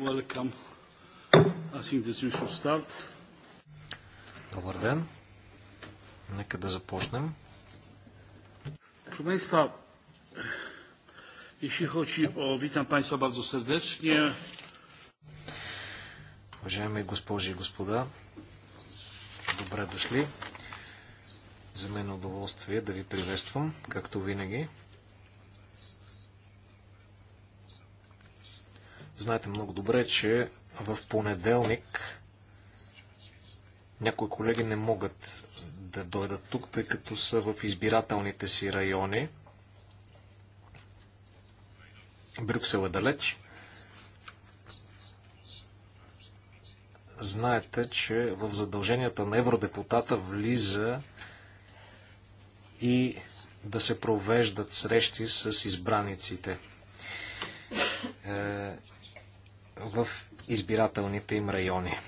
Welcome. I think you should start. Добър ден. Нека да започнем. Уважаеми госпожи и господа, добре дошли. За мен е удоволствие да ви приветствам, както винаги, Знаете много добре, че в понеделник някои колеги не могат да дойдат тук, тъй като са в избирателните си райони. Брюксел е далеч. Знаете, че в задълженията на евродепутата влиза и да се провеждат срещи с избраниците. Е, в избирателните им райони.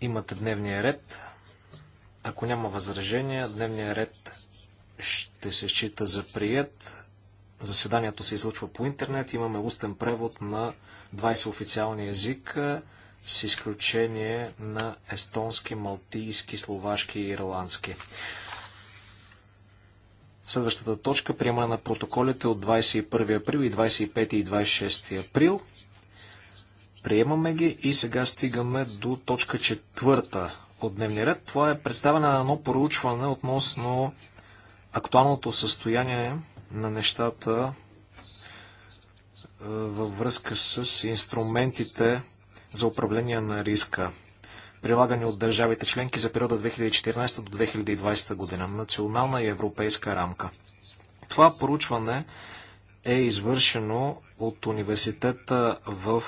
Имате дневния ред. Ако няма възражения, дневния ред ще се счита за прият. Заседанието се излъчва по интернет. Имаме устен превод на 20 официални езика, с изключение на естонски, малтийски, словашки и ирландски. Следващата точка приема на протоколите от 21 април и 25 и 26 април. Приемаме ги и сега стигаме до точка четвърта от дневния ред. Това е представяне на едно проучване относно актуалното състояние на нещата е, във връзка с инструментите за управление на риска прилагани от държавите членки за периода 2014 до 2020 година. Национална и европейска рамка. Това проучване е извършено от университета в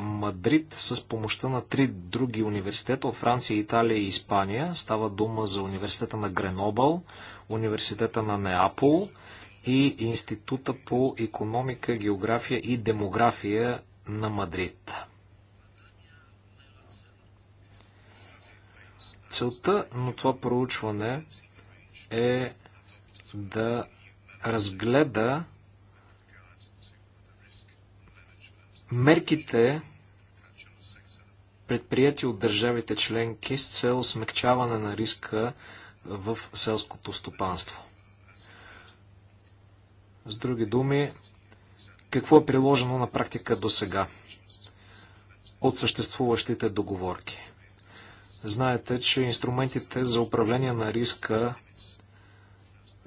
Мадрид с помощта на три други университета от Франция, Италия и Испания. Става дума за университета на Гренобъл, университета на Неапол и Института по економика, география и демография на Мадрид. Целта на това проучване е да разгледа мерките, предприяти от държавите членки с цел смягчаване на риска в селското стопанство. С други думи, какво е приложено на практика до сега от съществуващите договорки? Знаете, че инструментите за управление на риска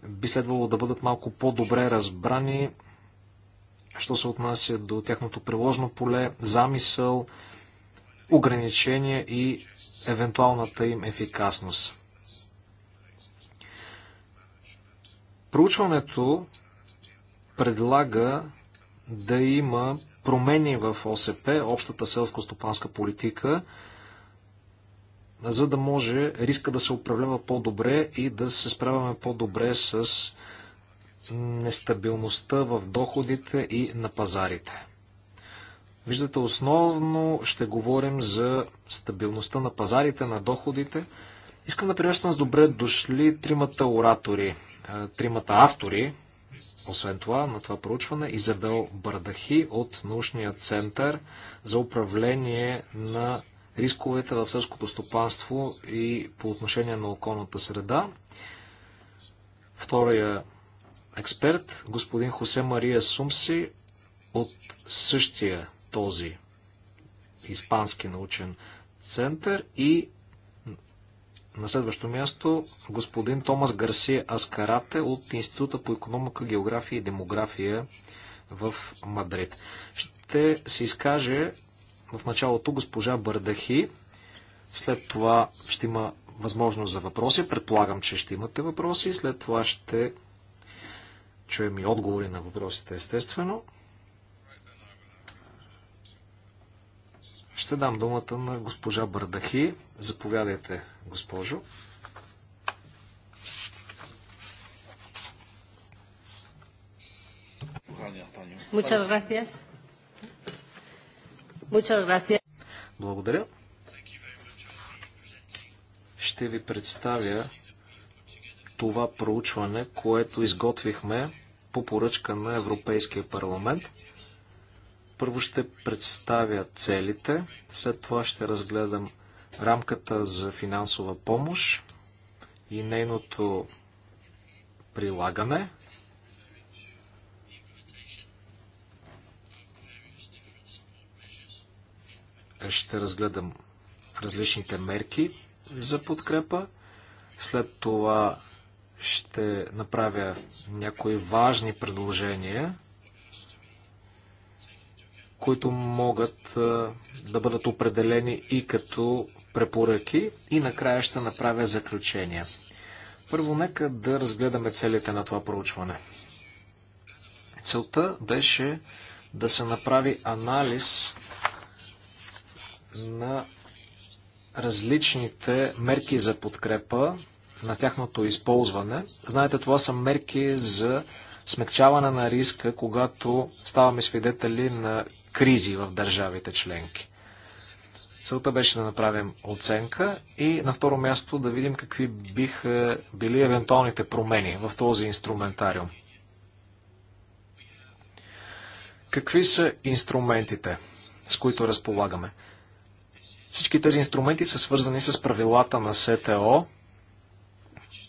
би следвало да бъдат малко по-добре разбрани, що се отнася до тяхното приложно поле, замисъл, ограничения и евентуалната им ефикасност. Проучването предлага да има промени в ОСП, общата селско-стопанска политика, за да може риска да се управлява по-добре и да се справяме по-добре с нестабилността в доходите и на пазарите. Виждате, основно ще говорим за стабилността на пазарите, на доходите. Искам да приветствам с добре дошли тримата оратори, е, тримата автори, освен това, на това проучване Изабел Бардахи от Научния център за управление на рисковете в селското стопанство и по отношение на околната среда. Втория експерт, господин Хосе Мария Сумси от същия този Испански научен център и на следващо място господин Томас Гарсия Аскарате от Института по економика, география и демография в Мадрид. Ще се изкаже в началото госпожа Бърдахи, след това ще има възможност за въпроси. Предполагам, че ще имате въпроси. След това ще чуем и отговори на въпросите, естествено. Ще дам думата на госпожа Бърдахи. Заповядайте, госпожо. Muchas gracias. Благодаря. Ще ви представя това проучване, което изготвихме по поръчка на Европейския парламент. Първо ще представя целите, след това ще разгледам рамката за финансова помощ и нейното прилагане. ще разгледам различните мерки за подкрепа. След това ще направя някои важни предложения, които могат да бъдат определени и като препоръки и накрая ще направя заключения. Първо нека да разгледаме целите на това проучване. Целта беше да се направи анализ на различните мерки за подкрепа, на тяхното използване. Знаете, това са мерки за смягчаване на риска, когато ставаме свидетели на кризи в държавите членки. Целта беше да направим оценка и на второ място да видим какви биха били евентуалните промени в този инструментариум. Какви са инструментите, с които разполагаме? Всички тези инструменти са свързани с правилата на СТО,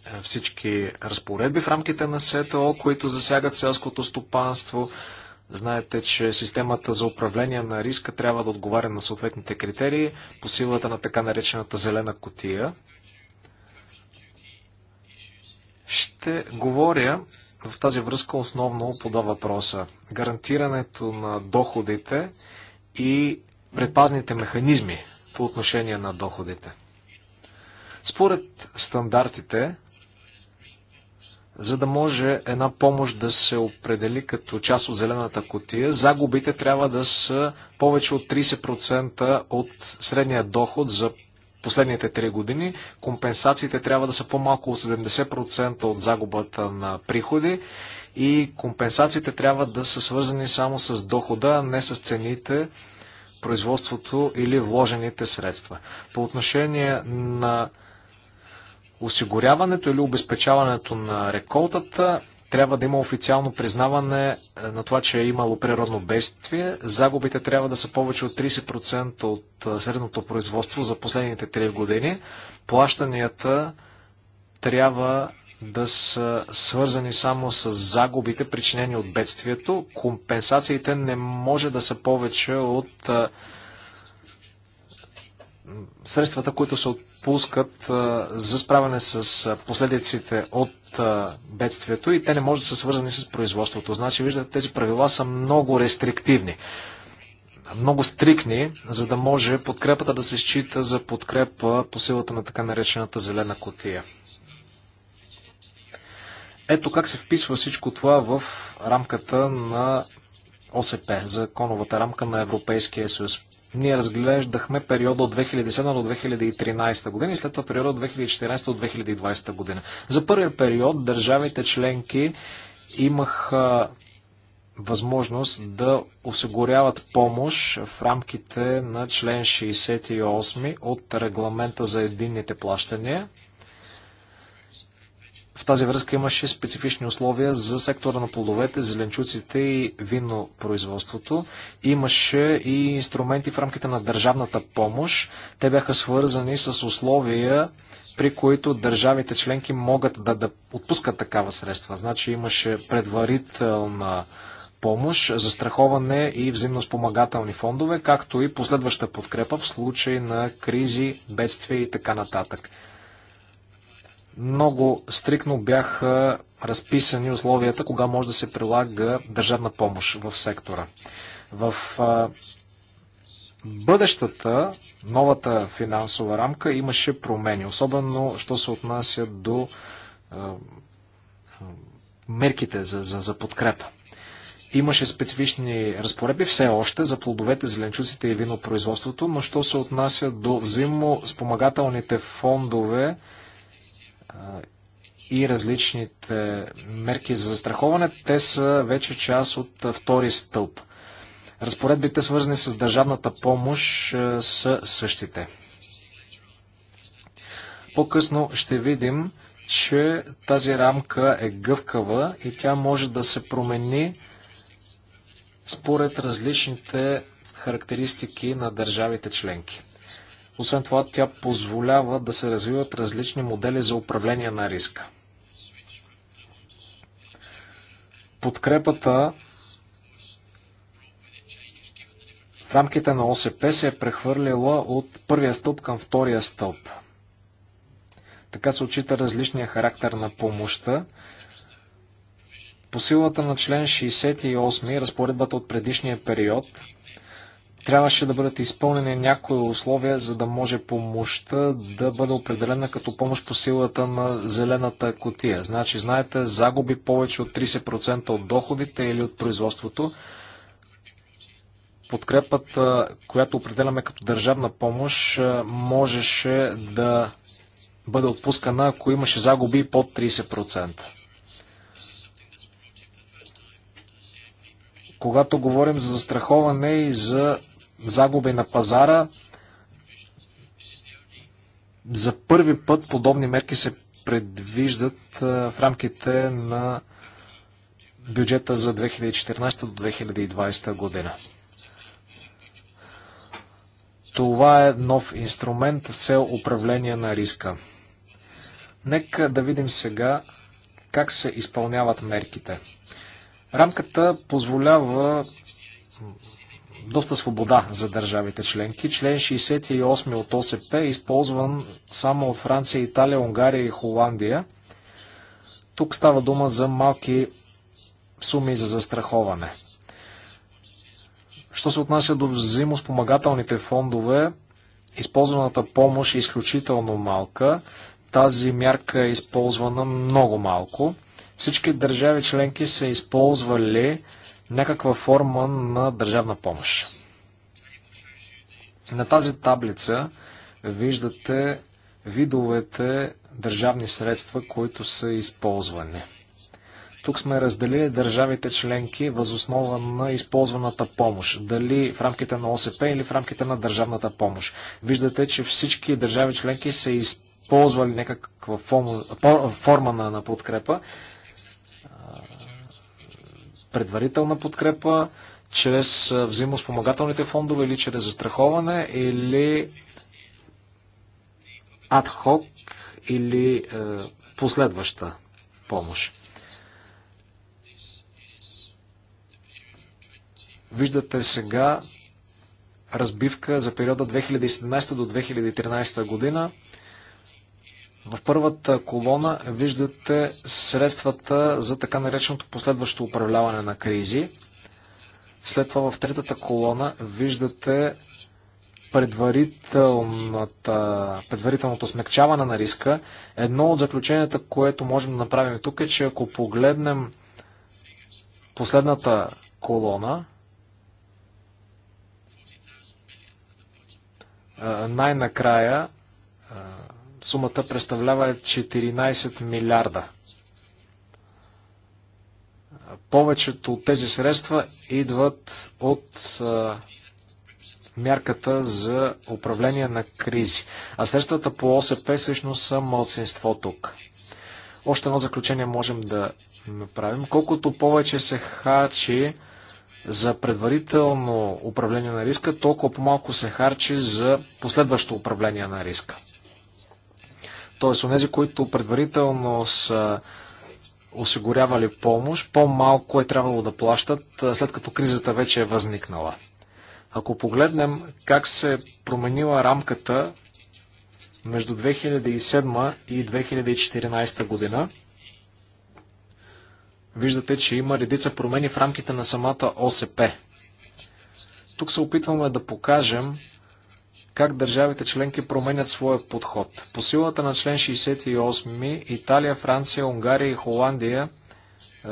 е, всички разпоредби в рамките на СТО, които засягат селското стопанство. Знаете, че системата за управление на риска трябва да отговаря на съответните критерии по силата на така наречената зелена котия. Ще говоря в тази връзка основно по два въпроса. Гарантирането на доходите и предпазните механизми по отношение на доходите. Според стандартите, за да може една помощ да се определи като част от зелената котия, загубите трябва да са повече от 30% от средния доход за последните 3 години. Компенсациите трябва да са по-малко от 70% от загубата на приходи и компенсациите трябва да са свързани само с дохода, а не с цените производството или вложените средства. По отношение на осигуряването или обезпечаването на реколтата, трябва да има официално признаване е, на това, че е имало природно бедствие. Загубите трябва да са повече от 30% от е, средното производство за последните 3 години. Плащанията трябва да са свързани само с загубите, причинени от бедствието. Компенсациите не може да са повече от средствата, които се отпускат за справяне с последиците от бедствието и те не може да са свързани с производството. Значи, виждате, тези правила са много рестриктивни много стрикни, за да може подкрепата да се счита за подкрепа по силата на така наречената зелена котия. Ето как се вписва всичко това в рамката на ОСП, законовата рамка на Европейския съюз. Ние разглеждахме периода от 2007 до 2013 година и след това периода от 2014 до 2020 година. За първия период държавите членки имаха възможност да осигуряват помощ в рамките на член 68 от регламента за единните плащания тази връзка имаше специфични условия за сектора на плодовете, зеленчуците и винопроизводството. Имаше и инструменти в рамките на държавната помощ. Те бяха свързани с условия, при които държавите членки могат да, да отпускат такава средства. Значи имаше предварителна помощ, застраховане и взаимно спомагателни фондове, както и последваща подкрепа в случай на кризи, бедствия и така нататък много стрикно бяха разписани условията, кога може да се прилага държавна помощ в сектора. В бъдещата, новата финансова рамка имаше промени, особено що се отнася до мерките за, за, за подкрепа. Имаше специфични разпоредби все още за плодовете, зеленчуците и винопроизводството, но що се отнася до взаимоспомагателните фондове, и различните мерки за застраховане, те са вече част от втори стълб. Разпоредбите, свързани с държавната помощ, са същите. По-късно ще видим, че тази рамка е гъвкава и тя може да се промени според различните характеристики на държавите членки. Освен това, тя позволява да се развиват различни модели за управление на риска. Подкрепата в рамките на ОСП се е прехвърлила от първия стълб към втория стълб. Така се отчита различния характер на помощта. По силата на член 68, разпоредбата от предишния период, трябваше да бъдат изпълнени някои условия, за да може помощта да бъде определена като помощ по силата на зелената котия. Значи, знаете, загуби повече от 30% от доходите или от производството. Подкрепата, която определяме като държавна помощ, можеше да бъде отпускана, ако имаше загуби под 30%. когато говорим за застраховане и за загуби на пазара. За първи път подобни мерки се предвиждат в рамките на бюджета за 2014 до 2020 година. Това е нов инструмент с цел управление на риска. Нека да видим сега как се изпълняват мерките. Рамката позволява доста свобода за държавите членки. Член 68 от ОСП е използван само от Франция, Италия, Унгария и Холандия. Тук става дума за малки суми за застраховане. Що се отнася до взаимоспомагателните фондове, използваната помощ е изключително малка. Тази мярка е използвана много малко. Всички държави членки са използвали някаква форма на държавна помощ. На тази таблица виждате видовете държавни средства, които са използвани. Тук сме разделили държавите членки възоснова на използваната помощ. Дали в рамките на ОСП или в рамките на държавната помощ. Виждате, че всички държави членки са използвали някаква форма, на подкрепа предварителна подкрепа, чрез взаимоспомагателните фондове или чрез застраховане или адхок или е, последваща помощ. Виждате сега разбивка за периода 2017 до 2013 година. В първата колона виждате средствата за така нареченото последващо управляване на кризи. След това в третата колона виждате предварителното смягчаване на риска. Едно от заключенията, което можем да направим тук е, че ако погледнем последната колона, най-накрая Сумата представлява 14 милиарда. Повечето от тези средства идват от мярката за управление на кризи. А средствата по ОСП всъщност са мълцинство тук. Още едно заключение можем да направим. Колкото повече се харчи за предварително управление на риска, толкова по-малко се харчи за последващо управление на риска т.е. онези, които предварително са осигурявали помощ, по-малко е трябвало да плащат, след като кризата вече е възникнала. Ако погледнем как се променила рамката между 2007 и 2014 година, виждате, че има редица промени в рамките на самата ОСП. Тук се опитваме да покажем, как държавите членки променят своя подход. По силата на член 68 Италия, Франция, Унгария и Холандия е,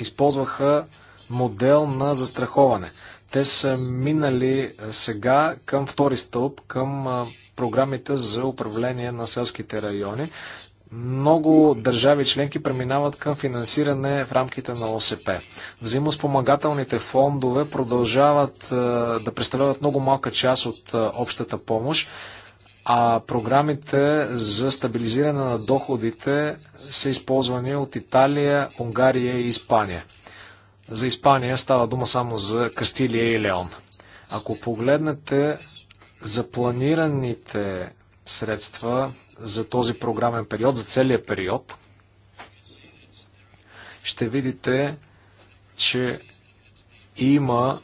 използваха модел на застраховане. Те са минали е, сега към втори стълб, към е, програмите за управление на селските райони много държави членки преминават към финансиране в рамките на ОСП. Взаимоспомагателните фондове продължават е, да представляват много малка част от е, общата помощ, а програмите за стабилизиране на доходите са използвани от Италия, Унгария и Испания. За Испания става дума само за Кастилия и Леон. Ако погледнете за планираните средства за този програмен период, за целия период, ще видите, че има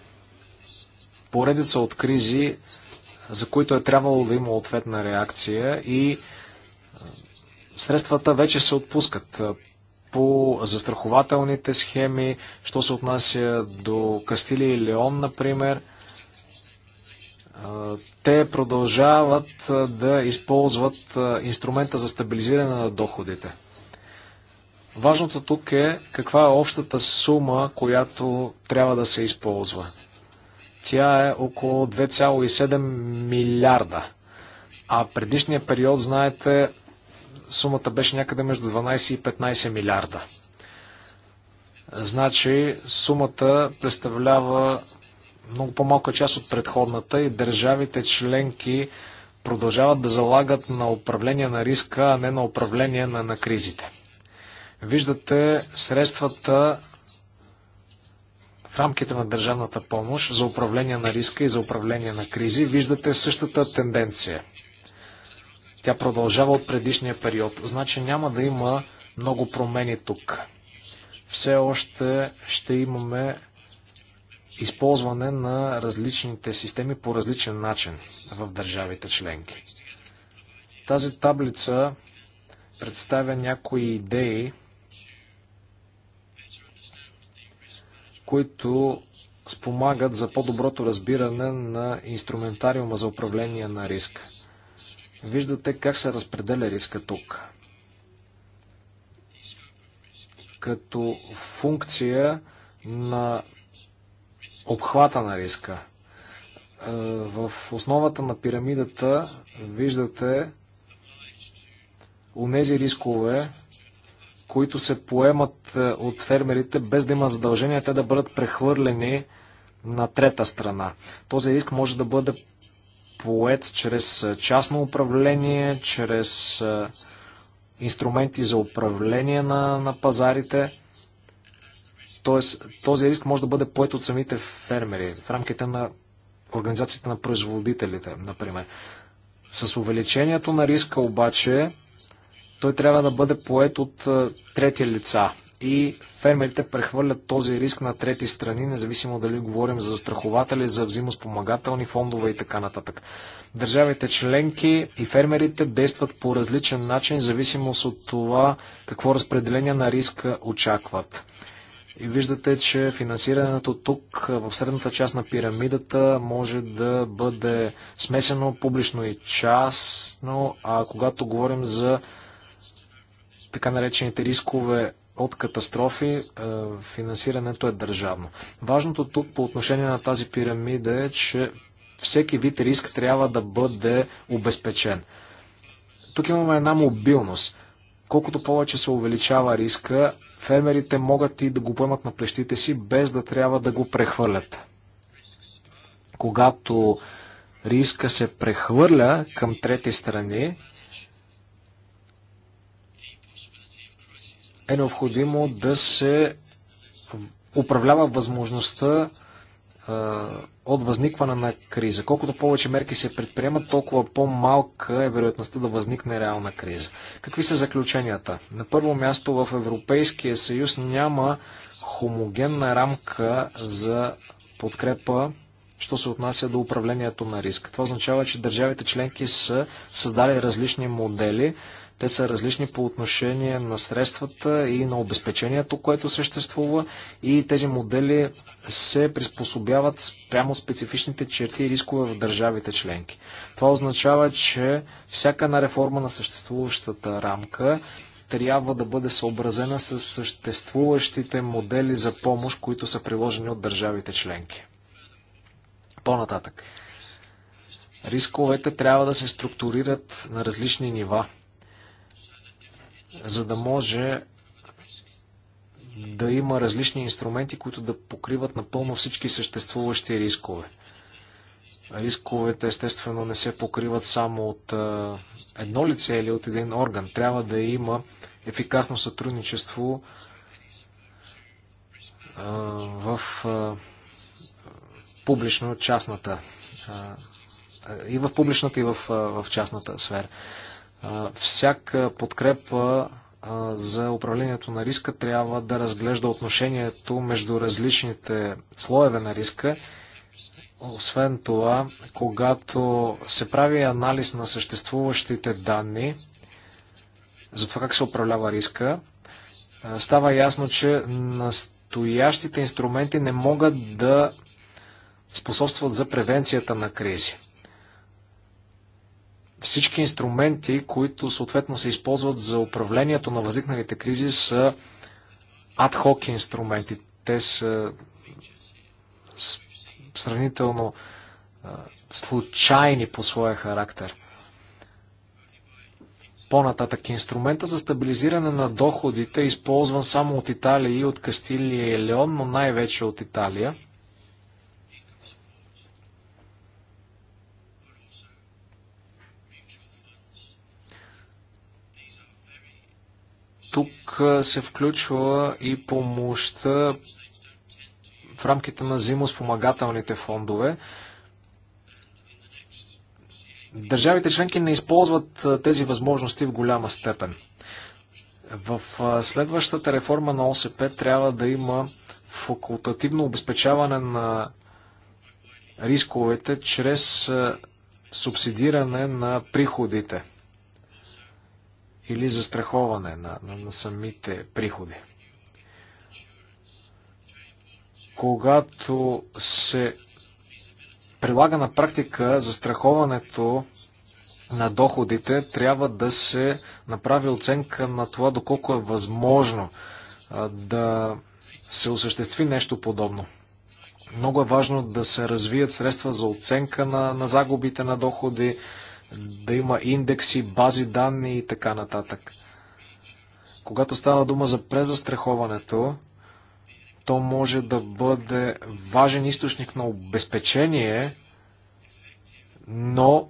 поредица от кризи, за които е трябвало да има ответна реакция и средствата вече се отпускат по застрахователните схеми, що се отнася до Кастили и Леон, например – те продължават да използват инструмента за стабилизиране на доходите. Важното тук е каква е общата сума, която трябва да се използва. Тя е около 2,7 милиарда. А предишния период, знаете, сумата беше някъде между 12 и 15 милиарда. Значи сумата представлява много по-малка част от предходната и държавите членки продължават да залагат на управление на риска, а не на управление на, на кризите. Виждате средствата в рамките на държавната помощ за управление на риска и за управление на кризи. Виждате същата тенденция. Тя продължава от предишния период. Значи няма да има много промени тук. Все още ще имаме използване на различните системи по различен начин в държавите членки. Тази таблица представя някои идеи, които спомагат за по-доброто разбиране на инструментариума за управление на риск. Виждате как се разпределя риска тук. Като функция на обхвата на риска. Е, в основата на пирамидата виждате унези рискове, които се поемат е, от фермерите, без да има задължение те да бъдат прехвърлени на трета страна. Този риск може да бъде поет чрез е, частно управление, чрез инструменти за управление на, на пазарите. Тоест, този риск може да бъде поет от самите фермери в рамките на организацията на производителите, например. С увеличението на риска обаче, той трябва да бъде поет от е, трети лица. И фермерите прехвърлят този риск на трети страни, независимо дали говорим за застрахователи, за взимоспомагателни фондове и така нататък. Държавите членки и фермерите действат по различен начин, зависимост от това какво разпределение на риска очакват. И виждате, че финансирането тук в средната част на пирамидата може да бъде смесено публично и частно, а когато говорим за така наречените рискове от катастрофи, е, финансирането е държавно. Важното тук по отношение на тази пирамида е, че всеки вид риск трябва да бъде обезпечен. Тук имаме една мобилност. Колкото повече се увеличава риска, фермерите могат и да го поемат на плещите си, без да трябва да го прехвърлят. Когато риска се прехвърля към трети страни, е необходимо да се управлява възможността от възникване на криза. Колкото повече мерки се предприемат, толкова по-малка е вероятността да възникне реална криза. Какви са заключенията? На първо място в Европейския съюз няма хомогенна рамка за подкрепа що се отнася до управлението на риска. Това означава, че държавите членки са създали различни модели те са различни по отношение на средствата и на обезпечението, което съществува и тези модели се приспособяват спрямо специфичните черти и рискове в държавите членки. Това означава, че всяка една реформа на съществуващата рамка трябва да бъде съобразена с съществуващите модели за помощ, които са приложени от държавите членки. По-нататък. Рисковете трябва да се структурират на различни нива за да може да има различни инструменти, които да покриват напълно всички съществуващи рискове. Рисковете естествено не се покриват само от едно лице или от един орган. Трябва да има ефикасно сътрудничество в публично-частната и в публичната, и в, в частната сфера всяка подкрепа за управлението на риска трябва да разглежда отношението между различните слоеве на риска. Освен това, когато се прави анализ на съществуващите данни за това как се управлява риска, става ясно, че настоящите инструменти не могат да способстват за превенцията на кризи всички инструменти, които съответно се използват за управлението на възникналите кризи, са адхок инструменти. Те са сравнително случайни по своя характер. По-нататък инструмента за стабилизиране на доходите е използван само от Италия и от Кастилия и Леон, но най-вече от Италия – Тук се включва и помощта в рамките на зимоспомагателните фондове. Държавите членки не използват тези възможности в голяма степен. В следващата реформа на ОСП трябва да има факултативно обезпечаване на рисковете чрез субсидиране на приходите или застраховане на, на, на самите приходи. Когато се прилага на практика застраховането на доходите, трябва да се направи оценка на това доколко е възможно да се осъществи нещо подобно. Много е важно да се развият средства за оценка на, на загубите на доходи, да има индекси, бази данни и така нататък. Когато става дума за презастраховането, то може да бъде важен източник на обезпечение, но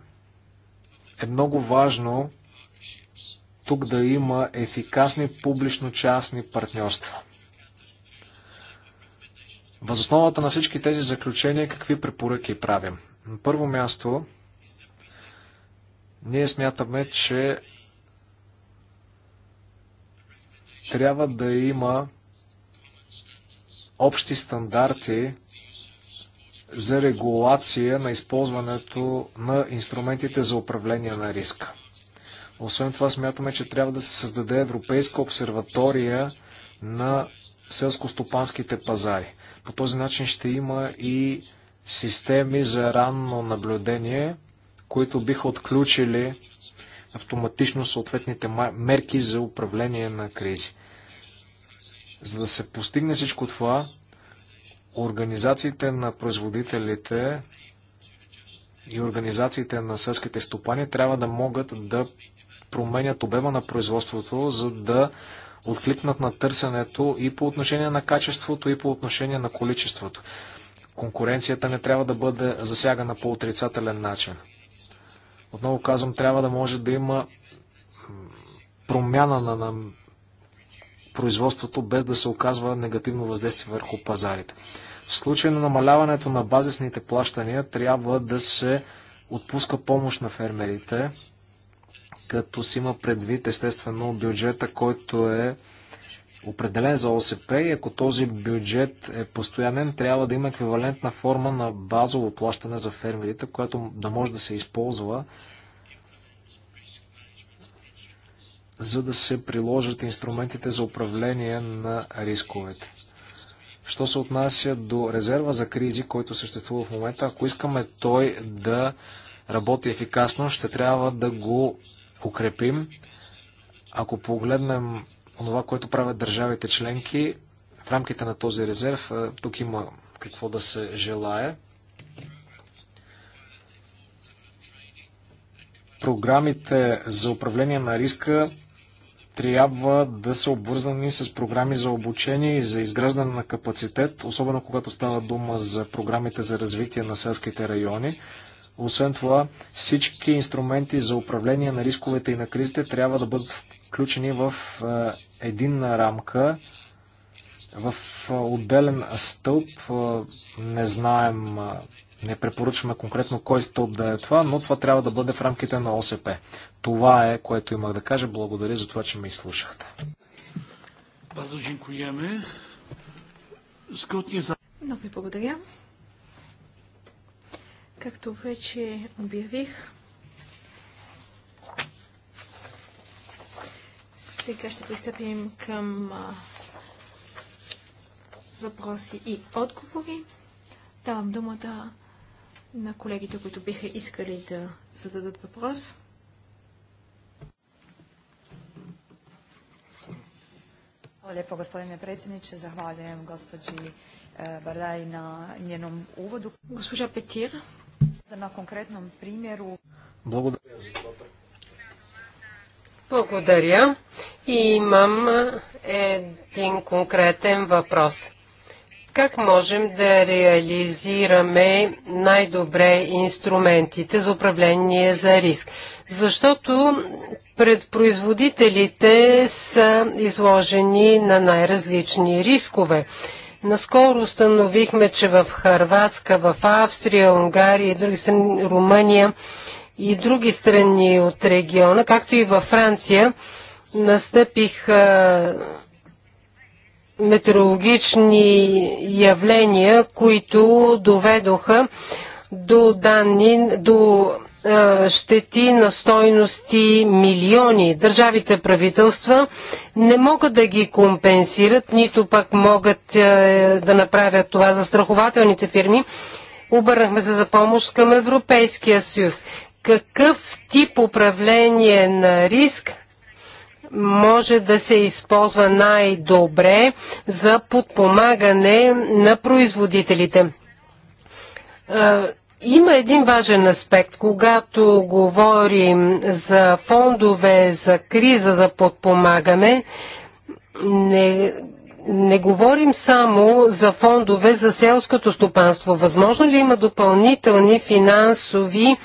е много важно тук да има ефикасни публично-частни партньорства. Възосновата на всички тези заключения какви препоръки правим? На първо място ние смятаме, че трябва да има общи стандарти за регулация на използването на инструментите за управление на риска. Освен това смятаме, че трябва да се създаде Европейска обсерватория на селско-стопанските пазари. По този начин ще има и системи за ранно наблюдение, които биха отключили автоматично съответните мерки за управление на кризи. За да се постигне всичко това, организациите на производителите и организациите на сълските стопани трябва да могат да променят обема на производството, за да откликнат на търсенето и по отношение на качеството, и по отношение на количеството. Конкуренцията не трябва да бъде засягана по отрицателен начин. Отново казвам, трябва да може да има промяна на, на производството, без да се оказва негативно въздействие върху пазарите. В случай на намаляването на базисните плащания трябва да се отпуска помощ на фермерите, като си има предвид естествено бюджета, който е определен за ОСП и ако този бюджет е постоянен, трябва да има еквивалентна форма на базово плащане за фермерите, което да може да се използва за да се приложат инструментите за управление на рисковете. Що се отнася до резерва за кризи, който съществува в момента, ако искаме той да работи ефикасно, ще трябва да го укрепим. Ако погледнем онова, което правят държавите членки в рамките на този резерв. Тук има какво да се желая. Програмите за управление на риска трябва да са обвързани с програми за обучение и за изграждане на капацитет, особено когато става дума за програмите за развитие на селските райони. Освен това, всички инструменти за управление на рисковете и на кризите трябва да бъдат включени в единна рамка, в отделен стълб. Не знаем, не препоръчваме конкретно кой стълб да е това, но това трябва да бъде в рамките на ОСП. Това е, което имах да кажа. Благодаря за това, че ме изслушахте. Много ви благодаря. Както вече обявих, Сега ще пристъпим към а, въпроси и отговори. Давам думата на колегите, които биха искали да зададат въпрос. Hvala lijepo gospodine predsjedniče, zahvaljujem gospođi e, Bardaj na njenom uvodu. Gospođa Petir. Na konkretnom primjeru. Благодаря за това благодаря. И имам един конкретен въпрос. Как можем да реализираме най-добре инструментите за управление за риск? Защото пред производителите са изложени на най-различни рискове. Наскоро установихме, че в Харватска, в Австрия, Унгария и други страни, Румъния и други страни от региона, както и във Франция, настъпиха метеорологични явления, които доведоха до данни, до щети на стойности милиони. Държавите правителства не могат да ги компенсират, нито пък могат да направят това за страхователните фирми. Обърнахме се за помощ към Европейския съюз какъв тип управление на риск може да се използва най-добре за подпомагане на производителите. Има един важен аспект, когато говорим за фондове, за криза, за подпомагане, не, не говорим само за фондове за селското стопанство. Възможно ли има допълнителни финансови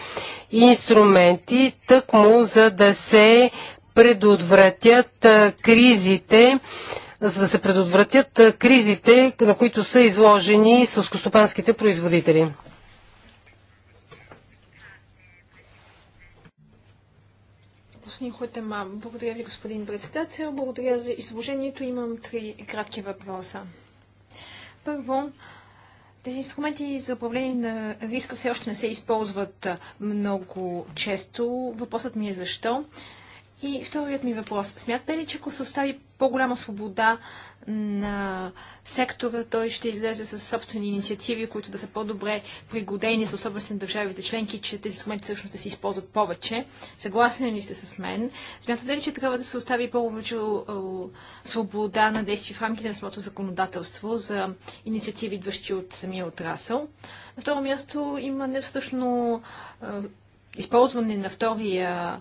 инструменти, тъкмо за да се предотвратят кризите, за да се предотвратят кризите, на които са изложени сълскостопанските производители. господин Благодаря ви, господин председател. Благодаря за изложението. Имам три кратки въпроса. Първо, тези инструменти за управление на риска все още не се използват много често. Въпросът ми е защо. И вторият ми въпрос. Смятате ли, че ако се остави по-голяма свобода на сектора, той ще излезе с собствени инициативи, които да са по-добре пригодени за особености на държавите членки, че тези инструменти всъщност да се използват повече. Съгласен ли сте с мен? Смятате ли, че трябва да се остави повече свобода на действие в рамките на самото законодателство за инициативи, идващи от самия отрасъл? На второ място има недостатъчно е, използване на втория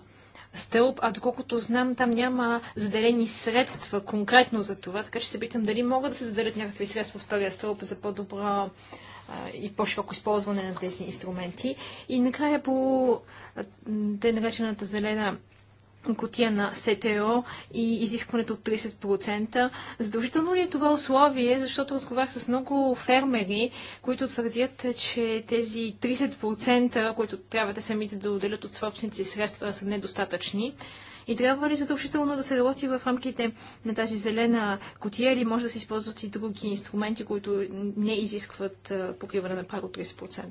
стълб, а доколкото знам, там няма заделени средства конкретно за това, така че се питам дали могат да се заделят някакви средства в втория стълб за по добро и по-широко използване на тези инструменти. И накрая по те наречената зелена котия на СТО и изискването от 30%. Задължително ли е това условие, защото разговарях с много фермери, които твърдят, че тези 30%, които трябва да самите да отделят от собствените си средства, са недостатъчни. И трябва ли задължително да се работи в рамките на тази зелена котия или може да се използват и други инструменти, които не изискват покриване на пар от 30%?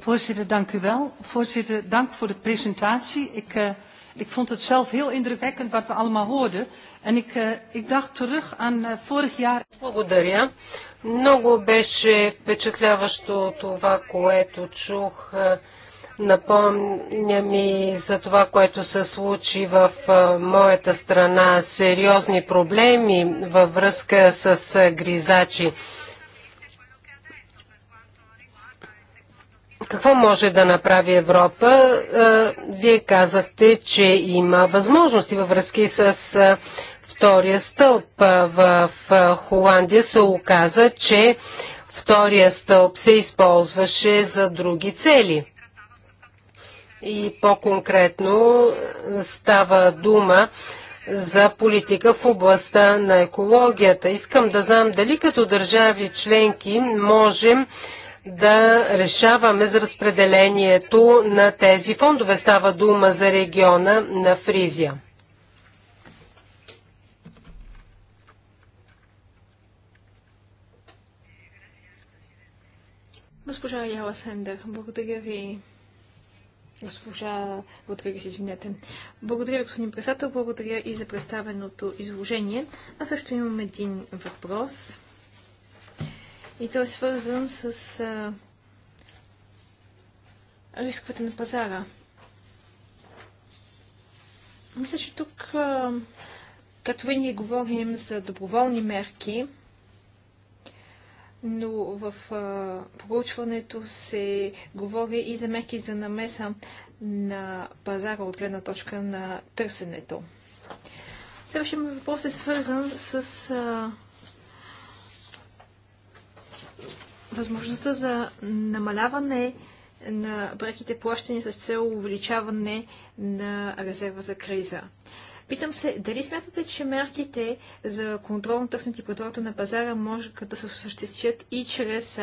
Voorzitter, dank u wel. Voorzitter, dank voor de presentatie. Ik, uh, ik vond het zelf heel indrukwekkend wat we allemaal hoorden. En ik, uh, ik dacht terug aan uh, vorig jaar. Благодаря. Много беше впечатляващо това, което чух. Напомня ми за това, което се случи в моята страна. Сериозни проблеми във връзка с гризачи. какво може да направи Европа? Е, вие казахте, че има възможности във връзки с е, втория стълб. Е, в Холандия се оказа, че втория стълб се използваше за други цели. И по-конкретно става дума за политика в областта на екологията. Искам да знам дали като държави членки можем да решаваме за разпределението на тези фондове. Става дума за региона на Фризия. Госпожа Яла Сендер, благодаря ви. Госпожа Родригес, извинете. Благодаря, господин председател, благодаря и за представеното изложение. Аз също имам един въпрос и той е свързан с а, рисковете на пазара. Мисля, че тук, а, като ви ние говорим за доброволни мерки, но в а, проучването се говори и за мерки за намеса на пазара от гледна точка на търсенето. Следващия въпрос е свързан с а, възможността за намаляване на преките плащания с цел увеличаване на резерва за криза. Питам се, дали смятате, че мерките за контрол на търсенето и на пазара може да се осъществят и чрез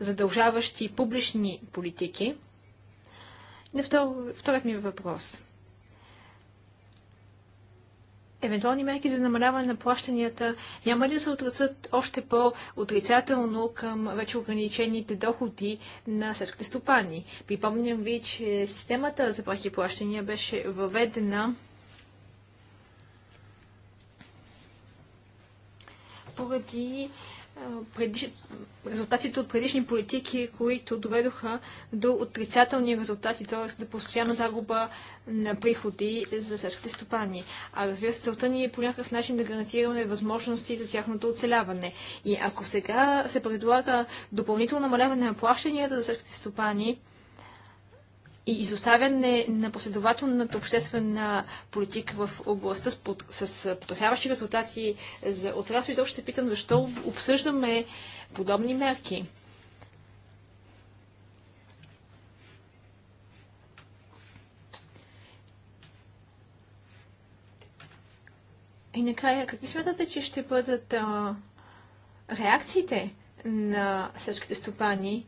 задължаващи публични политики? На втор... вторият ми въпрос евентуални мерки за намаляване на плащанията няма ли да се отръцат още по-отрицателно към вече ограничените доходи на сърските стопани? Припомням ви, че системата за плахи плащания беше въведена поради предиш... резултатите от предишни политики, които доведоха до отрицателни резултати, т.е. до постоянна загуба на приходи за селските стопани. А разбира се, целта ни е по някакъв начин да гарантираме възможности за тяхното оцеляване. И ако сега се предлага допълнително намаляване на плащанията за селските стопани, и изоставяне на последователната обществена политика в областта с, под, потрясяващи резултати за отрасли. Изобщо се питам защо обсъждаме подобни мерки. И накрая, какви смятате, че ще бъдат а, реакциите на селските стопани,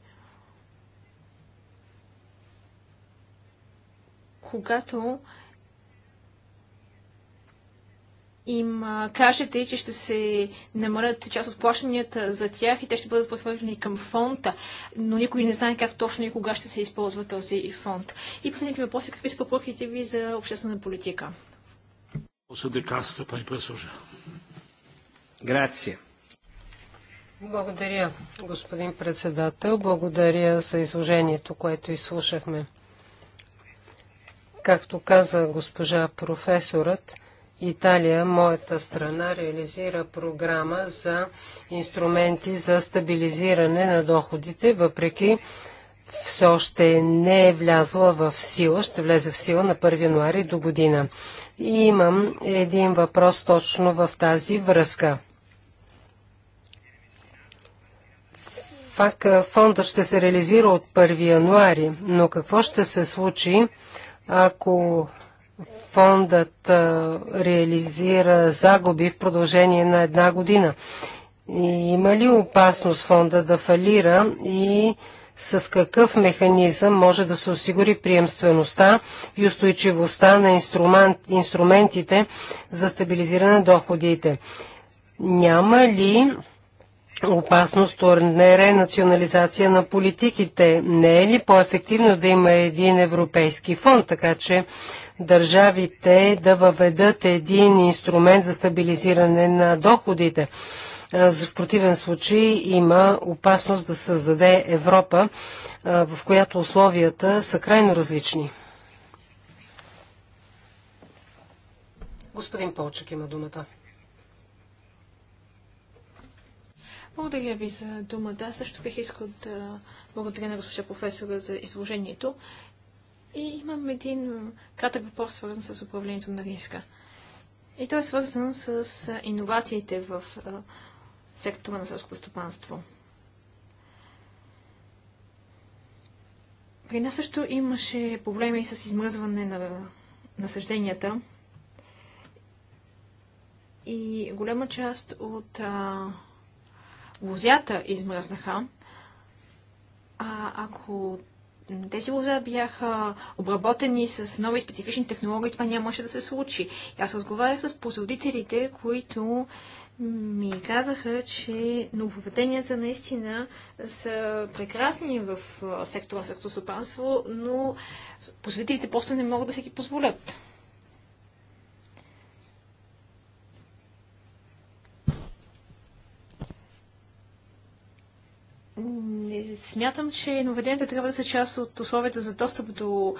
когато им кажете, че ще се намалят част от плащанията за тях и те ще бъдат прехвърлени към фонда, но никой не знае как точно и кога ще се използва този фонд. И последният въпрос е какви са препоръките ви за обществена политика? Грация. Благодаря, господин председател. Благодаря за изложението, което изслушахме. Както каза госпожа професорът, Италия, моята страна, реализира програма за инструменти за стабилизиране на доходите, въпреки все още не е влязла в сила, ще влезе в сила на 1 януари до година. И имам един въпрос точно в тази връзка. Фак, фонда ще се реализира от 1 януари, но какво ще се случи, ако фондът реализира загуби в продължение на една година? И има ли опасност фонда да фалира и с какъв механизъм може да се осигури приемствеността и устойчивостта на инструментите за стабилизиране на доходите. Няма ли опасност от национализация на политиките? Не е ли по-ефективно да има един европейски фонд, така че държавите да въведат един инструмент за стабилизиране на доходите? Е, в противен случай има опасност да създаде Европа, е, в която условията са крайно различни. Господин Полчък има думата. Благодаря ви за думата. също бих искал да благодаря на госпожа професора за изложението. И имам един кратък въпрос, свързан с управлението на риска. И той е свързан с иновациите в е, сектора на селското стопанство. При нас също имаше проблеми с измръзване на насъжденията и голяма част от а, лозята измръзнаха. А ако тези лоза бяха обработени с нови специфични технологии, това нямаше да се случи. И аз разговарях с производителите, които ми казаха, че нововведенията наистина са прекрасни в сектора сектосопанство, но посветителите просто не могат да си ги позволят. смятам, че новеденията трябва да са част от условията за достъп до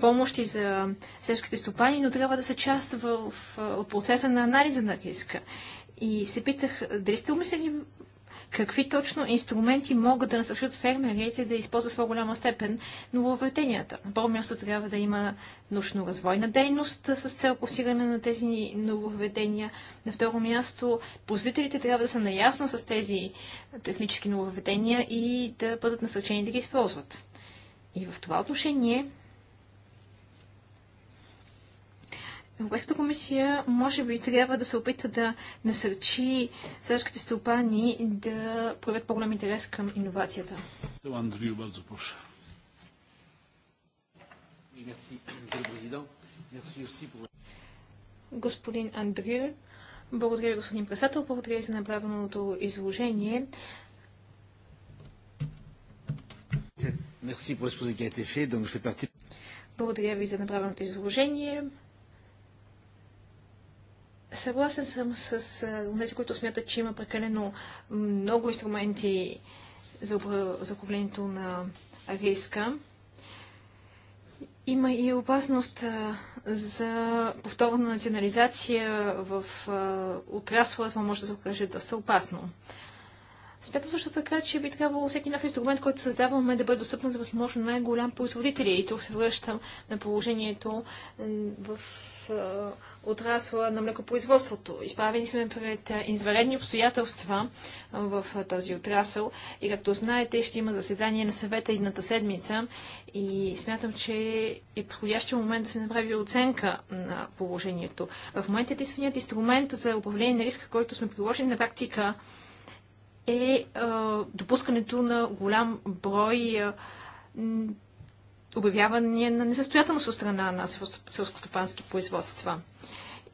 помощи за селските стопани, но трябва да са част в, в, от процеса на анализа на риска. И се питах, дали сте умислени какви точно инструменти могат да насърчат фермерите да използват в по-голяма степен нововведенията. На първо място трябва да има научно-развойна дейност с цел постигане на тези нововведения. На второ място производителите трябва да са наясно с тези технически нововведения и да бъдат насърчени да ги използват. И в това отношение Европейската комисия може би трябва да се опита да насърчи селските стопани да проявят по-голям интерес към иновацията. Андрю, бързо Господин Андрю, благодаря ви, господин председател, благодаря ви за направеното изложение. Е е благодаря ви за направеното изложение. Съгласен съм с тези, които смятат, че има прекалено много инструменти за, за управлението на риска. Има и опасност за повторна национализация в отрасла, това може да се окаже доста опасно. Смятам също така, че би трябвало всеки нов инструмент, който създаваме, да бъде достъпен за възможно най-голям производители. И тук се връщам на положението в отрасла на млекопроизводството. Изправени сме пред изваредни обстоятелства в този отрасъл и както знаете ще има заседание на съвета едната седмица и смятам, че е подходящия момент да се направи оценка на положението. В момента единственият инструмент за управление на риска, който сме приложили на практика е, е допускането на голям брой е, обявяване на несъстоятелност от страна на селскостопански производства.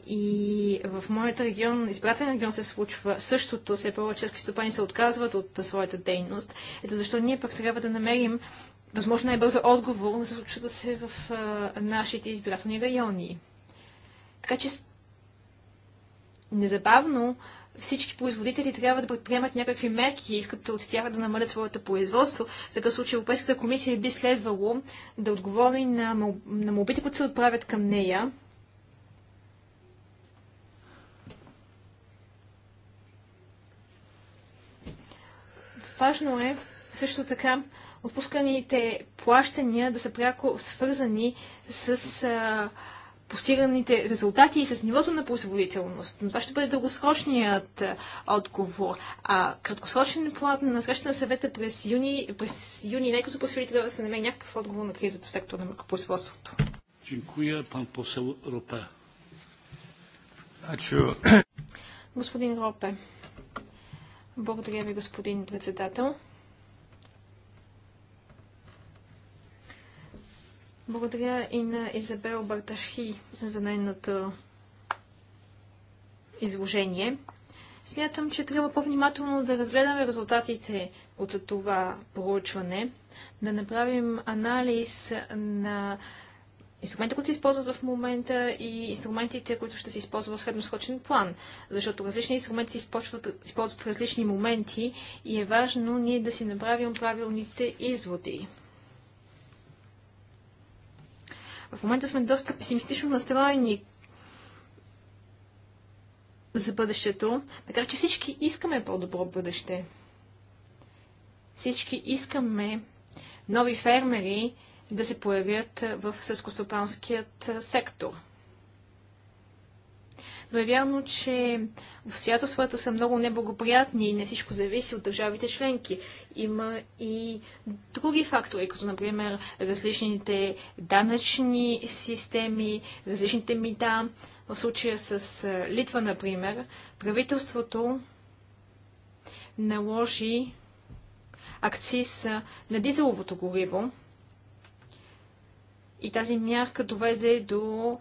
И в моят регион, избирателен регион се случва същото. Все повече стопани се отказват от своята дейност. Ето защо ние пък трябва да намерим възможно най-бързо отговор на случващото се в а, нашите избирателни райони. Така че незабавно всички производители трябва да предприемат някакви мерки и искат от тях да намалят своето производство. В такъв случай Европейската комисия би следвало да отговори на, мол... на молбите, които се отправят към нея. Важно е също така отпусканите плащания да са пряко свързани с а, постиганите резултати и с нивото на производителност. Но това ще бъде дългосрочният е, отговор. А краткосрочен план на среща на съвета през юни, през юни нека за производителя да се намери някакъв отговор на кризата в сектора на млекопроизводството. Дякую, пан посел Ропе. Господин Ропе, благодаря ви, господин председател. Благодаря и на Изабел Барташхи за нейното изложение. Смятам, че трябва по-внимателно да разгледаме резултатите от това проучване, да направим анализ на инструментите, които се използват в момента и инструментите, които ще се използват в средносрочен план. Защото различни инструменти се използват, използват в различни моменти и е важно ние да си направим правилните изводи. В момента сме доста песимистично настроени за бъдещето, макар че всички искаме по-добро бъдеще. Всички искаме нови фермери да се появят в съскостопанският сектор. Но е вярно, че обстоятелствата са много неблагоприятни и не всичко зависи от държавите членки. Има и други фактори, като например различните данъчни системи, различните мита. В случая с Литва, например, правителството наложи акциз на дизеловото гориво. И тази мярка доведе до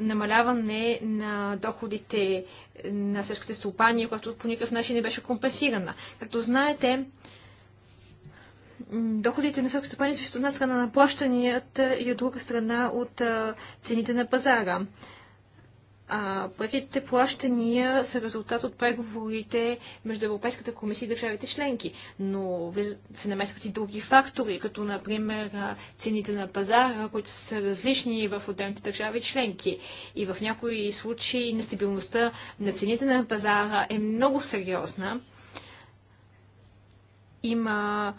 намаляване на доходите на селските стопани, която по никакъв начин не беше компенсирана. Както знаете, доходите на селските стопани са от една страна на плащанията и от друга страна от цените на пазара. А преките плащания са резултат от преговорите между Европейската комисия и държавите членки, но се намесват и други фактори, като например цените на пазара, които са различни в отделните държави членки. И в някои случаи нестабилността на цените на пазара е много сериозна. Има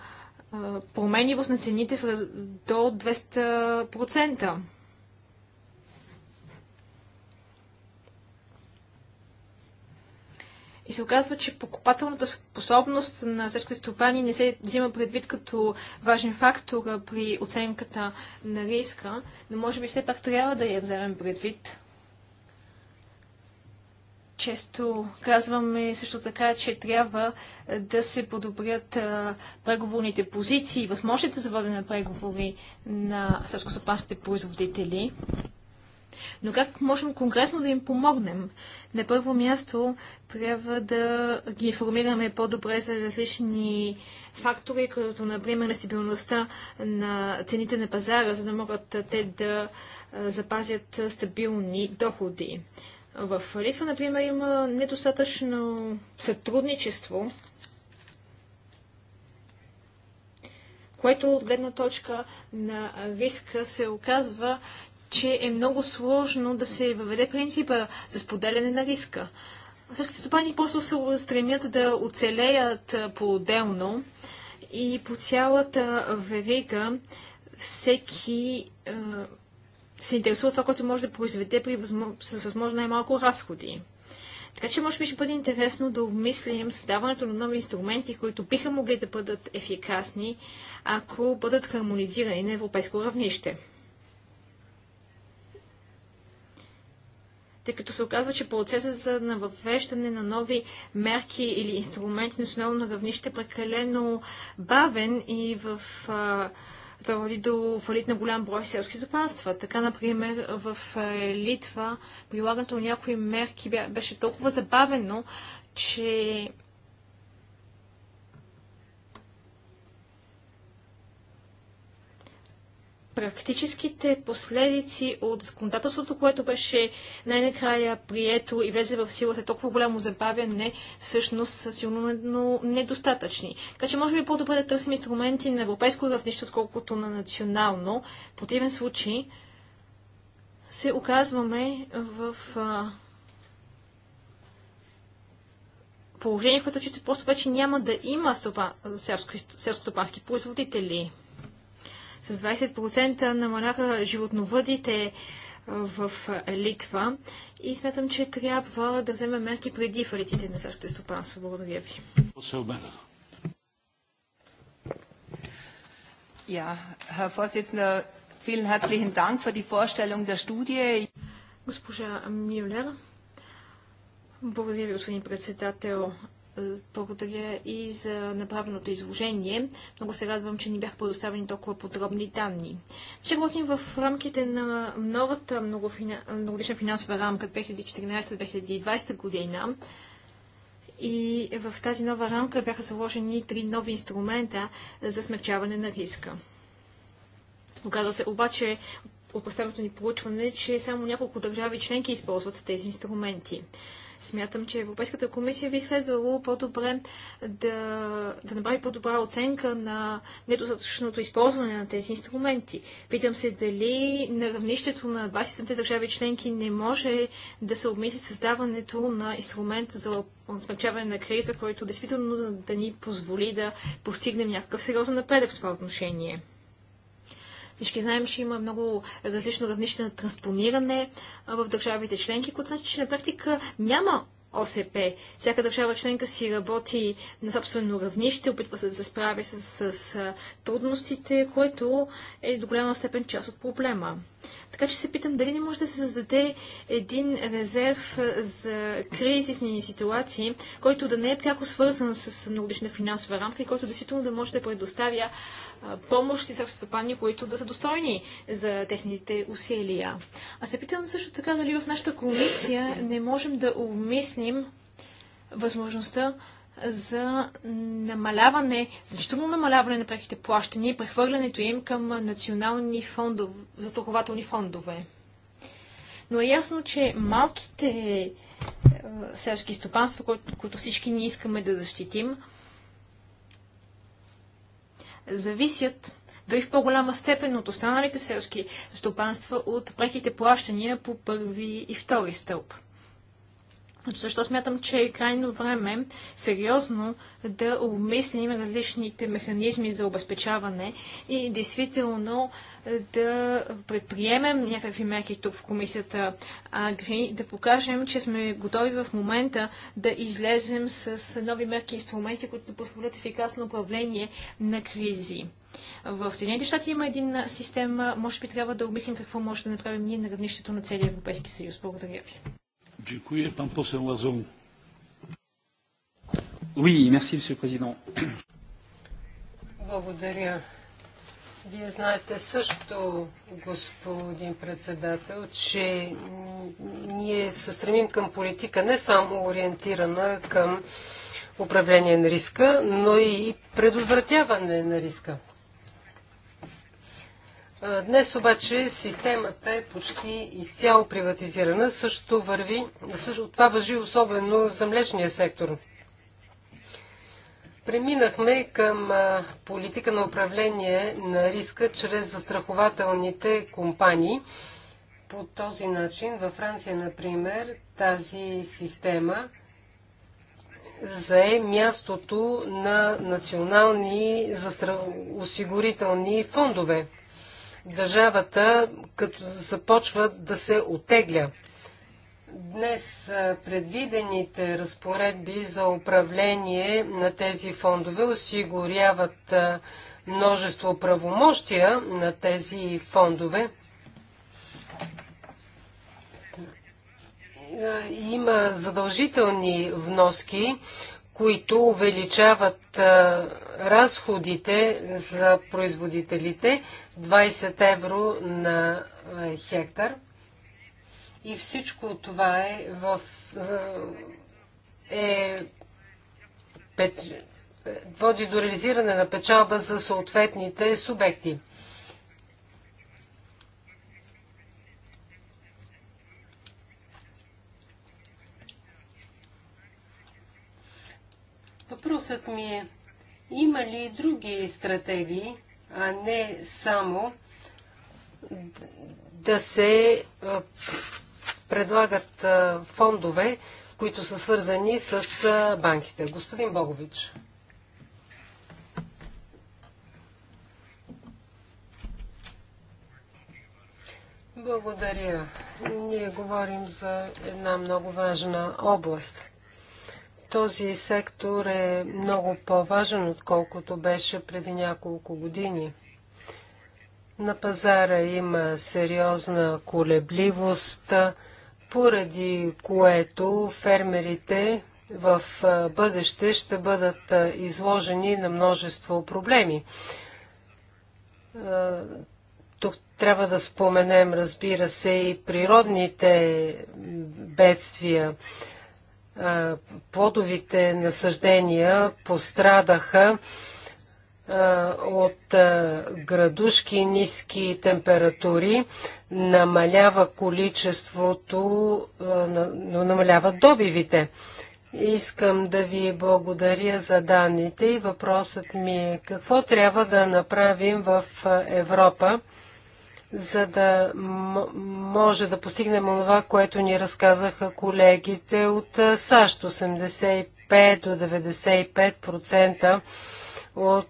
променивост на цените до 200%. И се оказва, че покупателната способност на всички стопани не се взима предвид като важен фактор при оценката на риска, но може би все пак трябва да я вземем предвид. Често казваме също така, че трябва да се подобрят преговорните позиции, възможностите за водене на преговори на сърскостопанските производители. Но как можем конкретно да им помогнем? На първо място трябва да ги информираме по-добре за различни фактори, като например нестабилността на цените на пазара, за да могат те да запазят стабилни доходи. В Литва, например, има недостатъчно сътрудничество, което от гледна точка на риска се оказва, че е много сложно да се въведе принципа за споделяне на риска. Всички стопани просто се стремят да оцелеят по-отделно и по цялата верига всеки се интересува това, което може да произведе при възможно, с възможно най-малко разходи. Така че може би ще бъде интересно да обмислим създаването на нови инструменти, които биха могли да бъдат ефикасни, ако бъдат хармонизирани на европейско равнище. тъй като се оказва, че процесът за въвеждане на нови мерки или инструменти на национално равнище е прекалено бавен и в това води до фалит на голям брой селски стопанства. Така, например, в Литва прилагането на някои мерки беше толкова забавено, че практическите последици от законодателството, което беше най-накрая прието и влезе в сила след толкова голямо забавяне, всъщност са силно недостатъчни. Така че може би е по-добре да търсим инструменти на европейско равнище, отколкото на национално. В противен случай се оказваме в положение, в което чисто просто вече няма да има селско-стопански производители. С 20% намаляха животновъдите в Литва и смятам, че трябва да вземем мерки преди фалитите на същото стопанство. Благодаря ви. Ja, Herr Vorsitzender, vielen herzlichen Dank für die Vorstellung der Studie. Госпожа Мюлер, благодаря ви, господин председател, благодаря и за направеното изложение. Много се радвам, че ни бяха предоставени толкова подробни данни. Ще работим в рамките на новата многолична финансова рамка 2014-2020 година. И в тази нова рамка бяха заложени три нови инструмента за смягчаване на риска. Оказва се обаче от представеното ни проучване, че само няколко държави членки използват тези инструменти. Смятам, че Европейската комисия би следвало по-добре да, да направи по-добра оценка на недостатъчното използване на тези инструменти. Питам се дали на равнището на 27-те държави членки не може да се обмисли създаването на инструмент за смягчаване на криза, който действително да ни позволи да постигнем някакъв сериозен напредък в това отношение. Всички знаем, че има много различно равнище на транспониране в държавите членки, което значи, че на практика няма ОСП. Всяка държава членка си работи на собствено равнище, опитва се да се справи с, с, с трудностите, което е до голяма степен част от проблема. Така че се питам дали не може да се създаде един резерв за кризисни ситуации, който да не е пряко свързан с многодишна финансова рамка и който действително да може да предоставя помощи за стопани, които да са достойни за техните усилия. А се питам също така дали в нашата комисия не можем да обмислим възможността за намаляване, значително намаляване на преките плащания и прехвърлянето им към национални фондове, застрахователни фондове. Но е ясно, че малките селски стопанства, които, които всички ние искаме да защитим, зависят дори в по-голяма степен от останалите селски стопанства от преките плащания по първи и втори стълб. Защо смятам, че е крайно време сериозно да обмислим различните механизми за обезпечаване и действително е, да предприемем някакви мерки тук в комисията Агри, да покажем, че сме готови в момента да излезем с нови мерки и инструменти, които да позволят ефикасно управление на кризи. В Съединените щати има един система, може би трябва да обмислим какво може да направим ние на равнището на целия Европейски съюз. Благодаря ви. Dziękuję. Pan poseł Łazon. Oui, merci, monsieur le président. Благодаря. Вие знаете също, господин председател, че ние се стремим към политика не само ориентирана към управление на риска, но и предотвратяване на риска. Е, днес обаче системата е почти изцяло приватизирана. Също върви, също това въжи особено за млечния сектор. Преминахме към политика на управление на риска чрез застрахователните компании. По този начин във Франция, например, тази система зае мястото на национални застрах... осигурителни фондове държавата като започва да се отегля. Днес предвидените разпоредби за управление на тези фондове осигуряват множество правомощия на тези фондове. Има задължителни вноски, които увеличават разходите за производителите, 20 евро на е, хектар. И всичко това е в е, е, е, води до реализиране на печалба за съответните субекти. Въпросът ми е, има ли други стратегии, а не само да се предлагат фондове, които са свързани с банките. Господин Богович. Благодаря. Ние говорим за една много важна област – този сектор е много по-важен, отколкото беше преди няколко години. На пазара има сериозна колебливост, поради което фермерите в бъдеще ще бъдат изложени на множество проблеми. Тук трябва да споменем, разбира се, и природните бедствия, е, плодовите насъждения пострадаха е, от е, градушки ниски температури, намалява количеството, но намалява добивите. Искам да ви благодаря за данните и въпросът ми е какво трябва да направим в Европа, за да може да постигнем това, което ни разказаха колегите от САЩ. 85 до 95% от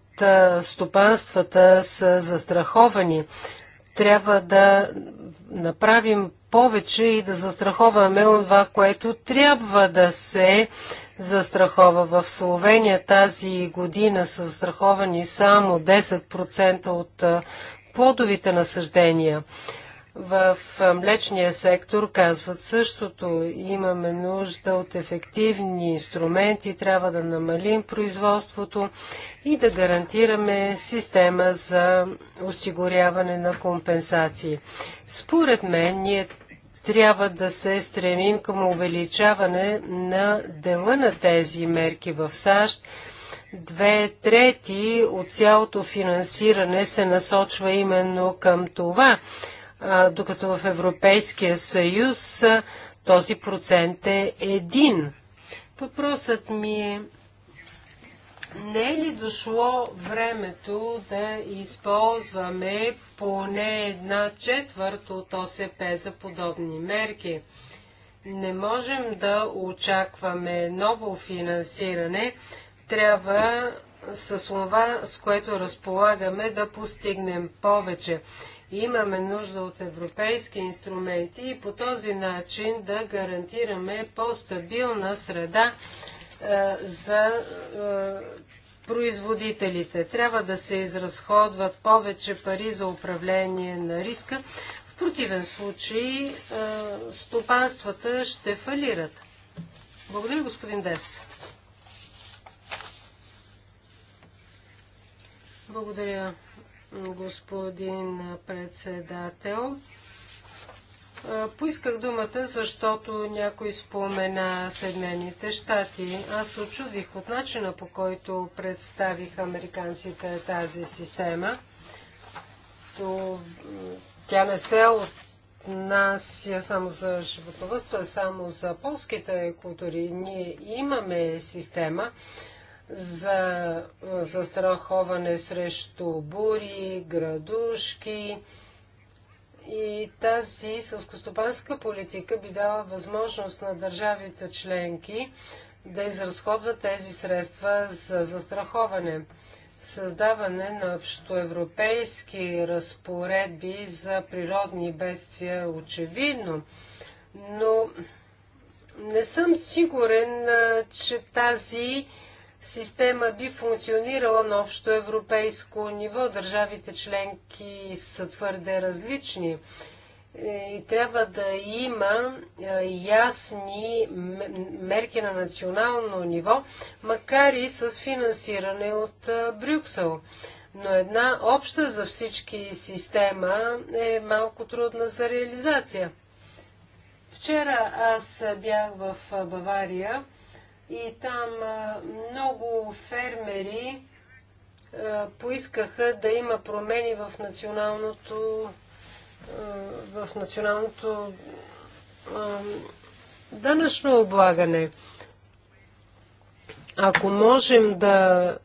стопанствата са застраховани. Трябва да направим повече и да застраховаме това, което трябва да се застрахова. В Словения тази година са застраховани само 10% от плодовите насъждения. В млечния сектор казват същото. Имаме нужда от ефективни инструменти, трябва да намалим производството и да гарантираме система за осигуряване на компенсации. Според мен, ние трябва да се стремим към увеличаване на дела на тези мерки в САЩ Две трети от цялото финансиране се насочва именно към това, докато в Европейския съюз този процент е един. Въпросът ми е, не е ли дошло времето да използваме поне една четвърт от ОСП за подобни мерки? Не можем да очакваме ново финансиране, трябва с това, с което разполагаме, да постигнем повече. Имаме нужда от европейски инструменти и по този начин да гарантираме по-стабилна среда е, за е, производителите. Трябва да се изразходват повече пари за управление на риска. В противен случай е, стопанствата ще фалират. Благодаря, господин Дес. Благодаря, господин председател. Поисках думата, защото някой спомена Съединените щати. Аз се очудих от начина по който представих американците тази система. То, тя не се отнася само за животновътство, а само за полските култури. Ние имаме система, за е, застраховане срещу бури, градушки. И тази сълскостопанска политика би дала възможност на държавите членки да изразходват тези средства за застраховане. Създаване на общоевропейски разпоредби за природни бедствия очевидно, но не съм сигурен, че тази система би функционирала на общо европейско ниво. Държавите членки са твърде различни е, и трябва да има е, ясни мерки на национално ниво, макар и с финансиране от е, Брюксел. Но една обща за всички система е малко трудна за реализация. Вчера аз бях в Бавария и там много фермери поискаха да има промени в националното в националното дънъчно облагане. Ако можем да,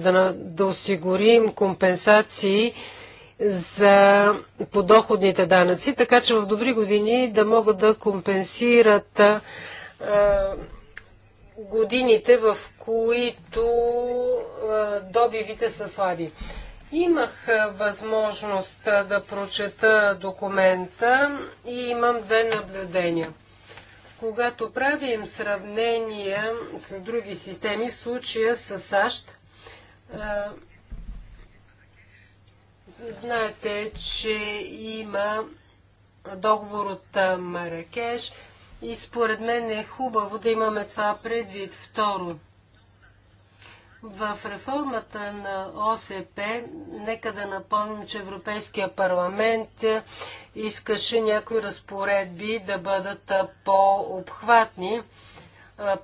да, да осигурим компенсации за подоходните данъци, така че в добри години да могат да компенсират а, годините, в които добивите са слаби. Имах възможност да прочета документа и имам две наблюдения. Когато правим сравнения с други системи, в случая с САЩ, знаете, че има договор от Маракеш – и според мен е хубаво да имаме това предвид. Второ, в реформата на ОСП, нека да напомним, че Европейския парламент искаше някои разпоредби да бъдат по-обхватни,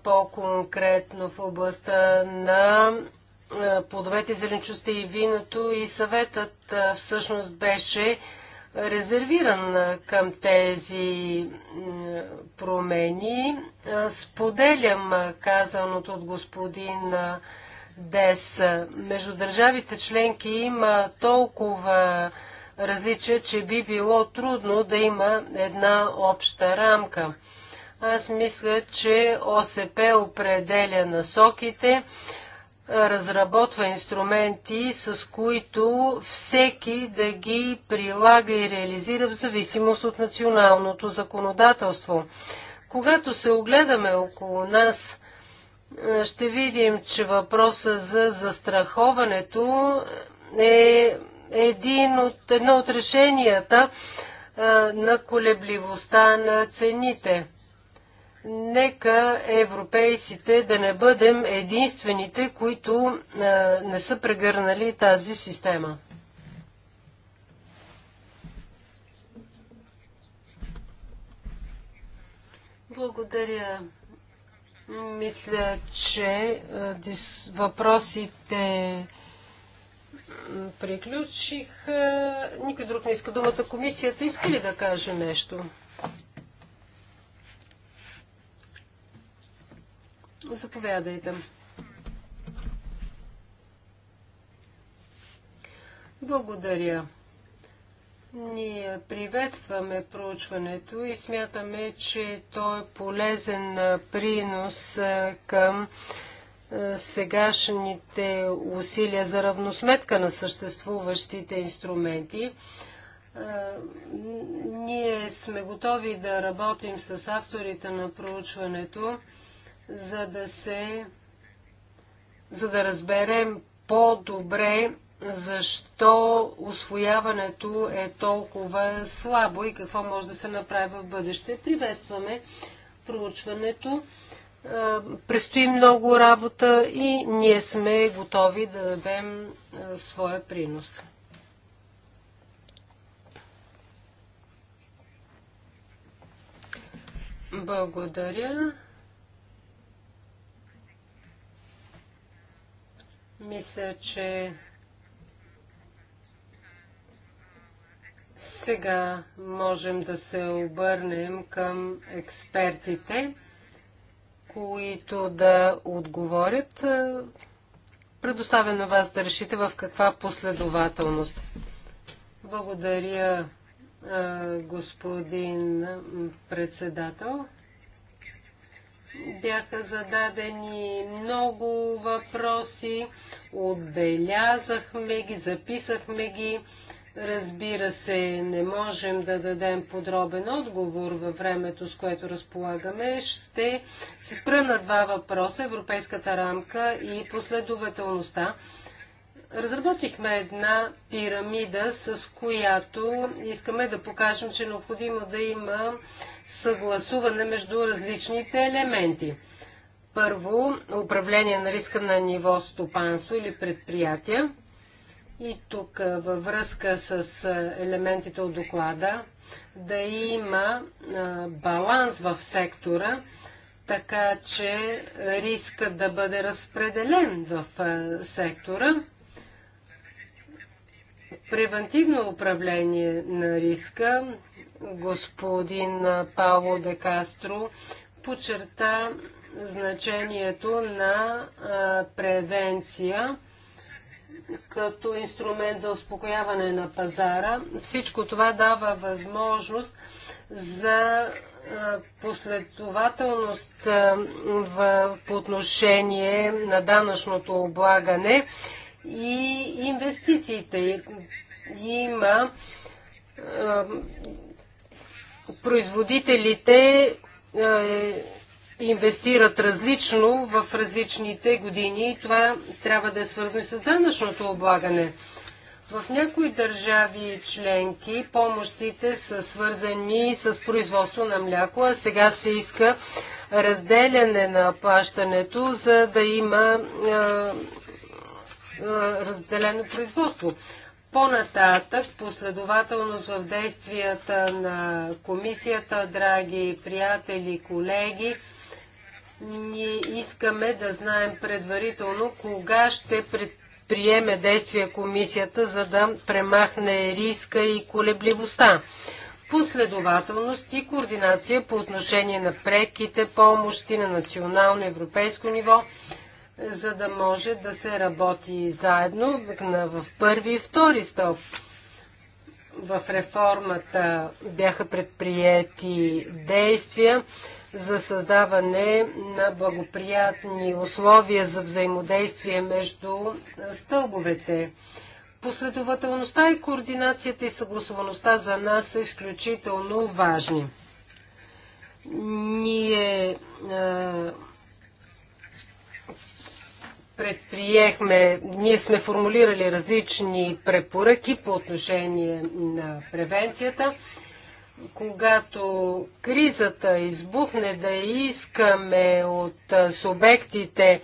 по-конкретно в областта на плодовете, зеленчуците и виното и съветът всъщност беше резервиран към тези промени. Споделям казаното от господин Дес. Между държавите членки има толкова различия, че би било трудно да има една обща рамка. Аз мисля, че ОСП определя насоките разработва инструменти, с които всеки да ги прилага и реализира в зависимост от националното законодателство. Когато се огледаме около нас, ще видим, че въпроса за застраховането е един от, едно от решенията на колебливостта на цените. Нека европейците да не бъдем единствените, които не са прегърнали тази система. Благодаря. Мисля, че въпросите приключих. Никой друг не иска думата. Комисията иска ли да каже нещо? Заповядайте. Благодаря. Ние приветстваме проучването и смятаме, че то е полезен принос към сегашните усилия за равносметка на съществуващите инструменти. Ние сме готови да работим с авторите на проучването за да се за да разберем по-добре защо освояването е толкова слабо и какво може да се направи в бъдеще. Приветстваме проучването. Престои много работа и ние сме готови да дадем своя принос. Благодаря. Мисля, че сега можем да се обърнем към експертите, които да отговорят. Предоставя на вас да решите в каква последователност. Благодаря, господин председател. Бяха зададени много въпроси, отбелязахме ги, записахме ги. Разбира се, не можем да дадем подробен отговор във времето, с което разполагаме. Ще се спра на два въпроса – европейската рамка и последователността. Разработихме една пирамида, с която искаме да покажем, че е необходимо да има съгласуване между различните елементи. Първо, управление на риска на ниво стопанство или предприятия. И тук във връзка с елементите от доклада да има баланс в сектора, така че риска да бъде разпределен в сектора. Превентивно управление на риска, господин Пауло де Кастро подчерта значението на превенция като инструмент за успокояване на пазара. Всичко това дава възможност за последователност в, по отношение на данъчното облагане и инвестициите. Има производителите е, инвестират различно в различните години и това трябва да е свързано и с данъчното облагане. В някои държави членки помощите са свързани с производство на мляко, а сега се иска разделяне на плащането, за да има е, е, разделено производство. По-нататък, последователност в действията на комисията, драги приятели, колеги, ние искаме да знаем предварително кога ще предприеме действия комисията, за да премахне риска и колебливостта. Последователност и координация по отношение на преките помощи на национално европейско ниво – за да може да се работи заедно в първи и втори стълб. В реформата бяха предприяти действия за създаване на благоприятни условия за взаимодействие между стълбовете. Последователността и координацията и съгласоваността за нас са изключително важни. Ние предприехме, ние сме формулирали различни препоръки по отношение на превенцията. Когато кризата избухне, да искаме от субектите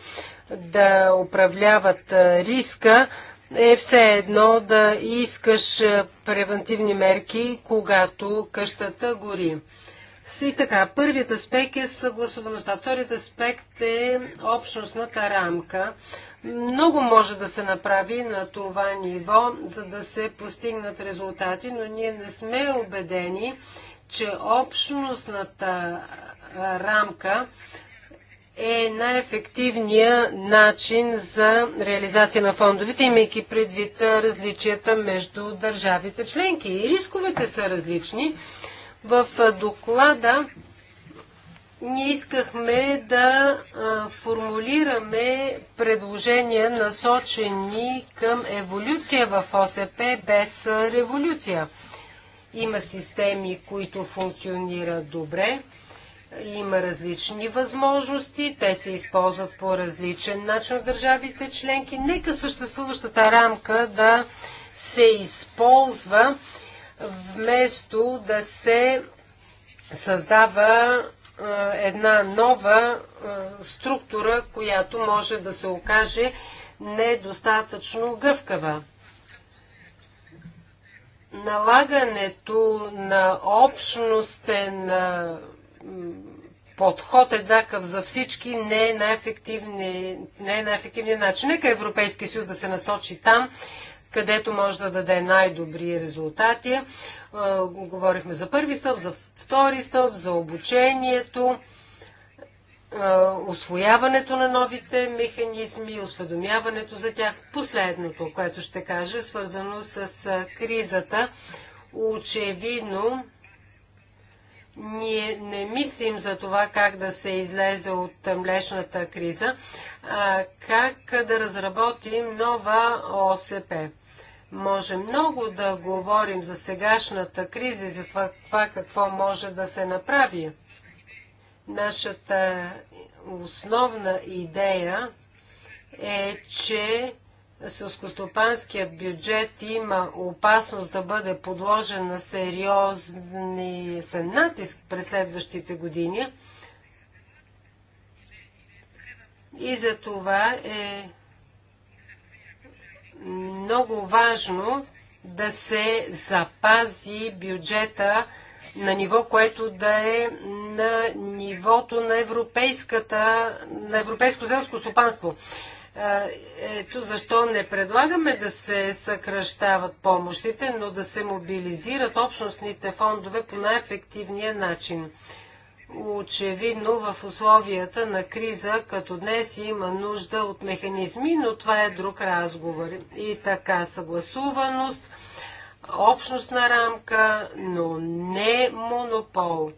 да управляват риска, е все едно да искаш превентивни мерки, когато къщата гори. И така, първият аспект е съгласуваността, вторият аспект е общностната рамка. Много може да се направи на това ниво, за да се постигнат резултати, но ние не сме убедени, че общностната рамка е най-ефективният начин за реализация на фондовете, имайки предвид различията между държавите членки. И рисковете са различни. В доклада ние искахме да формулираме предложения насочени към еволюция в ОСП без революция. Има системи, които функционират добре, има различни възможности, те се използват по различен начин от държавите членки. Нека съществуващата рамка да се използва вместо да се създава една нова структура, която може да се окаже недостатъчно гъвкава. Налагането на общностен подход еднакъв за всички не е, е най-ефективният най начин. Нека Европейския съюз да се насочи там, където може да даде най-добри резултати. Говорихме за първи стъп, за втори стъп, за обучението, освояването на новите механизми, осведомяването за тях. Последното, което ще кажа, е свързано с кризата. Очевидно, ние не мислим за това как да се излезе от млечната криза, а как да разработим нова ОСП. Може много да говорим за сегашната криза и за това, това какво може да се направи. Нашата основна идея е, че селскостопанският бюджет има опасност да бъде подложен на сериозни натиск през следващите години. И за това е много важно да се запази бюджета на ниво, което да е на нивото на, европейската, на европейско селско стопанство. Е, ето защо не предлагаме да се съкръщават помощите, но да се мобилизират общностните фондове по най-ефективния начин очевидно в условията на криза, като днес има нужда от механизми, но това е друг разговор. И така съгласуваност, общностна рамка, но не монопол.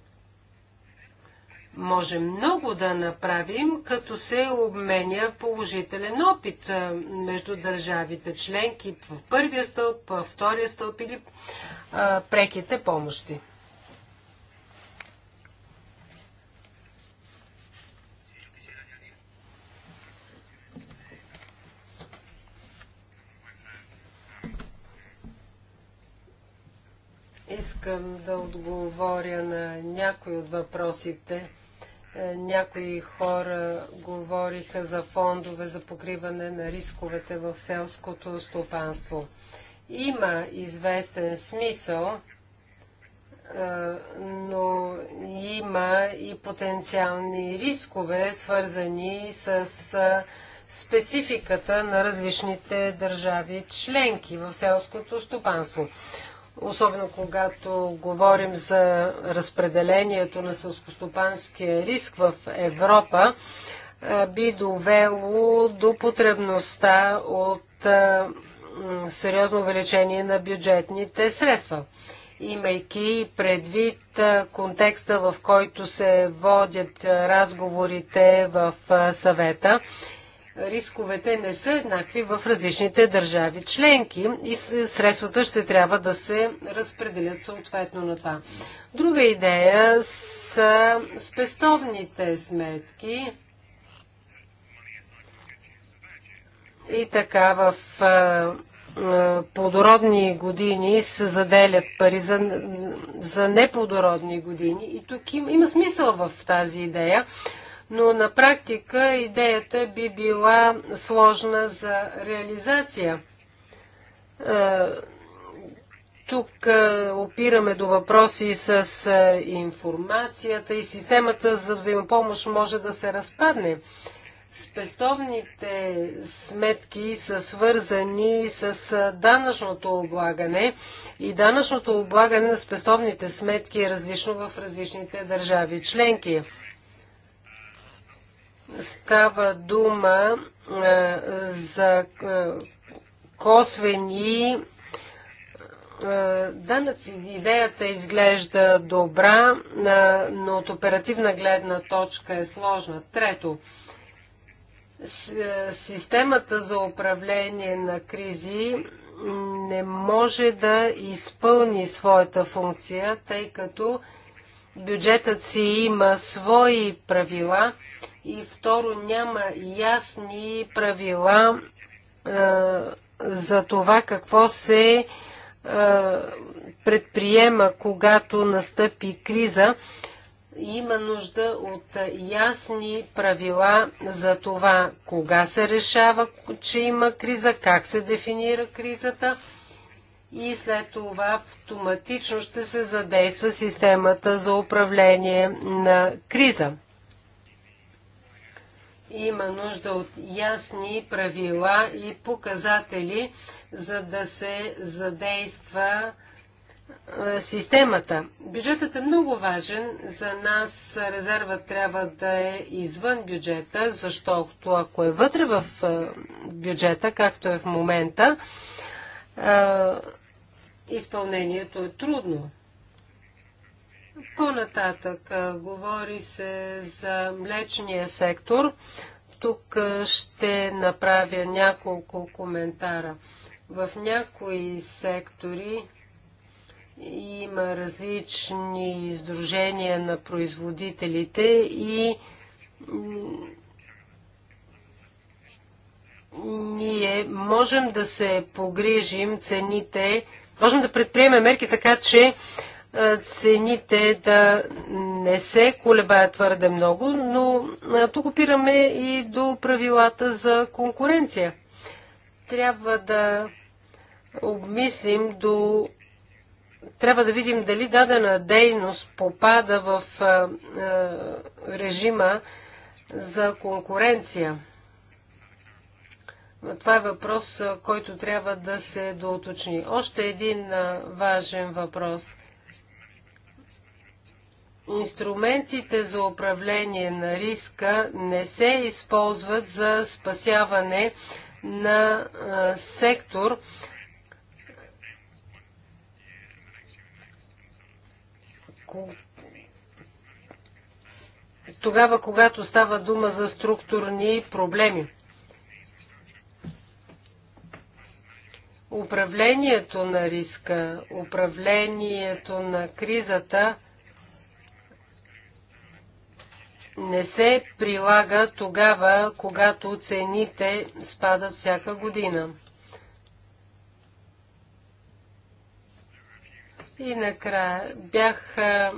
Може много да направим, като се обменя положителен опит между държавите членки в първия стълб, във втория стълб или преките помощи. Искам да отговоря на някои от въпросите. Е, някои хора говориха за фондове за покриване на рисковете в селското стопанство. Има известен смисъл, е, но има и потенциални рискове, свързани с спецификата на различните държави членки в селското стопанство особено когато говорим за разпределението на сълскостопанския риск в Европа, е, би довело до потребността от е, сериозно увеличение на бюджетните средства. Имайки предвид е, контекста, в който се водят разговорите в съвета рисковете не са еднакви в различните държави членки и средствата ще трябва да се разпределят съответно на това. Друга идея са спестовните сметки. И така в плодородни години се заделят пари за, за неплодородни години. И тук им, има смисъл в тази идея, но на практика идеята би била сложна за реализация. Е, тук е, опираме до въпроси с е, информацията и системата за взаимопомощ може да се разпадне. Спестовните сметки са свързани с данъчното облагане и данъчното облагане на спестовните сметки е различно в различните държави членки. Става дума е, за е, косвени е, данъци. Идеята изглежда добра, но от оперативна гледна точка е сложна. Трето, системата за управление на кризи не може да изпълни своята функция, тъй като бюджетът си има свои правила и второ, няма ясни правила за това какво се предприема, когато настъпи криза. Има нужда от ясни правила за това кога се решава, че има криза, как се дефинира кризата и след това автоматично ще се задейства системата за управление на криза има нужда от ясни правила и показатели, за да се задейства системата. Бюджетът е много важен. За нас резерва трябва да е извън бюджета, защото ако е вътре в бюджета, както е в момента, изпълнението е трудно. По-нататък говори се за млечния сектор. Тук ще направя няколко коментара. В някои сектори има различни издружения на производителите и ние можем да се погрижим цените, можем да предприемем мерки така, че цените да не се колебаят твърде много, но тук опираме и до правилата за конкуренция. Трябва да обмислим до трябва да видим дали дадена дейност попада в режима за конкуренция. Това е въпрос, който трябва да се доуточни. Още един важен въпрос – Инструментите за управление на риска не се използват за спасяване на а, сектор. Тогава, когато става дума за структурни проблеми. Управлението на риска, управлението на кризата – не се прилага тогава, когато цените спадат всяка година. И накрая бяха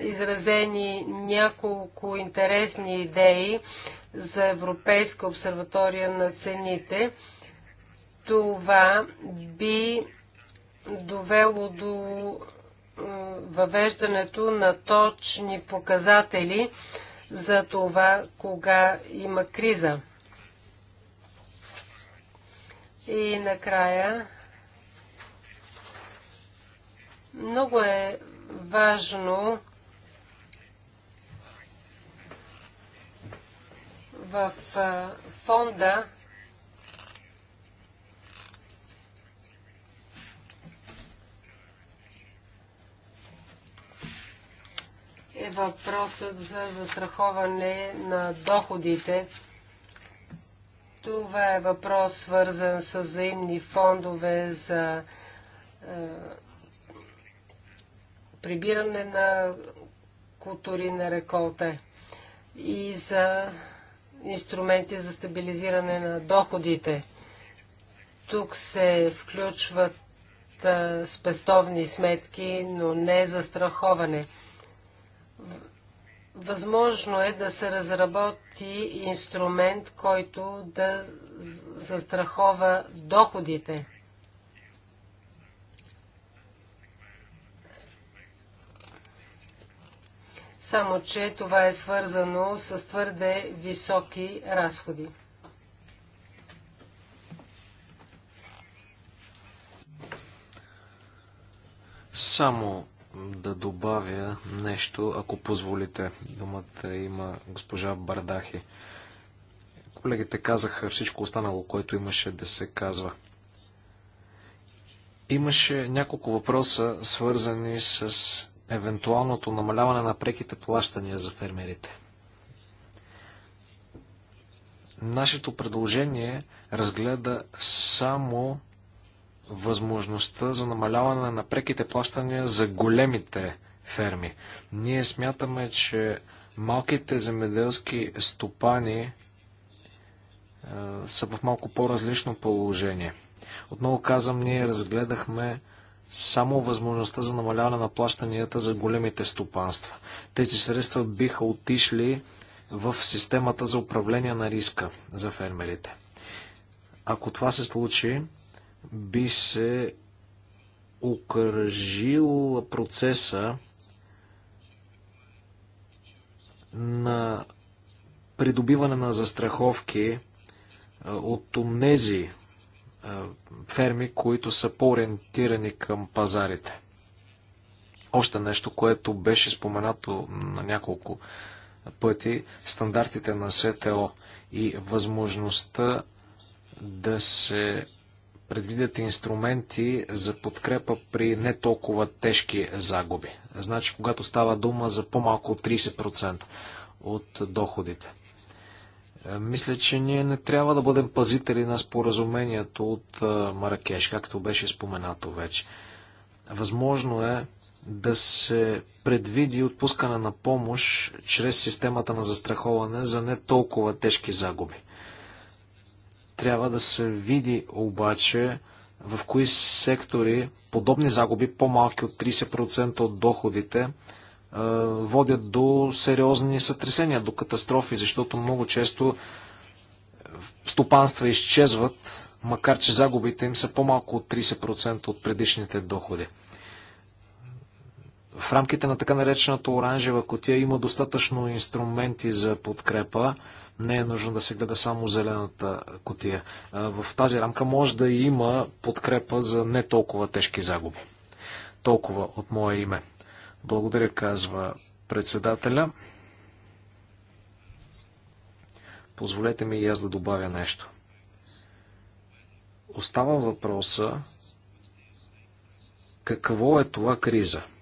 изразени няколко интересни идеи за Европейска обсерватория на цените. Това би довело до въвеждането на точни показатели за това кога има криза. И накрая много е важно в фонда е въпросът за застраховане на доходите. Това е въпрос свързан с взаимни фондове за е, прибиране на култури на реколта и за инструменти за стабилизиране на доходите. Тук се включват е, спестовни сметки, но не за страховане. Възможно е да се разработи инструмент, който да застрахова доходите. Само, че това е свързано с твърде високи разходи. Само да добавя нещо, ако позволите. Думата има госпожа Бардахи. Колегите казаха всичко останало, което имаше да се казва. Имаше няколко въпроса, свързани с евентуалното намаляване на преките плащания за фермерите. Нашето предложение разгледа само възможността за намаляване на преките плащания за големите ферми. Ние смятаме, че малките земеделски стопани е, са в малко по-различно положение. Отново казвам, ние разгледахме само възможността за намаляване на плащанията за големите стопанства. Тези средства биха отишли в системата за управление на риска за фермерите. Ако това се случи, би се окръжил процеса на придобиване на застраховки от тези ферми, които са по-ориентирани към пазарите. Още нещо, което беше споменато на няколко пъти, стандартите на СТО и възможността да се предвидят инструменти за подкрепа при не толкова тежки загуби. Значи, когато става дума за по-малко от 30% от доходите. Е, мисля, че ние не трябва да бъдем пазители на споразумението от е, Маракеш, както беше споменато вече. Възможно е да се предвиди отпускане на помощ чрез системата на застраховане за не толкова тежки загуби. Трябва да се види обаче в кои сектори подобни загуби, по-малки от 30% от доходите, водят до сериозни сътресения, до катастрофи, защото много често стопанства изчезват, макар че загубите им са по-малко от 30% от предишните доходи в рамките на така наречената оранжева котия има достатъчно инструменти за подкрепа. Не е нужно да се гледа само зелената котия. В тази рамка може да има подкрепа за не толкова тежки загуби. Толкова от мое име. Благодаря, казва председателя. Позволете ми и аз да добавя нещо. Остава въпроса какво е това криза –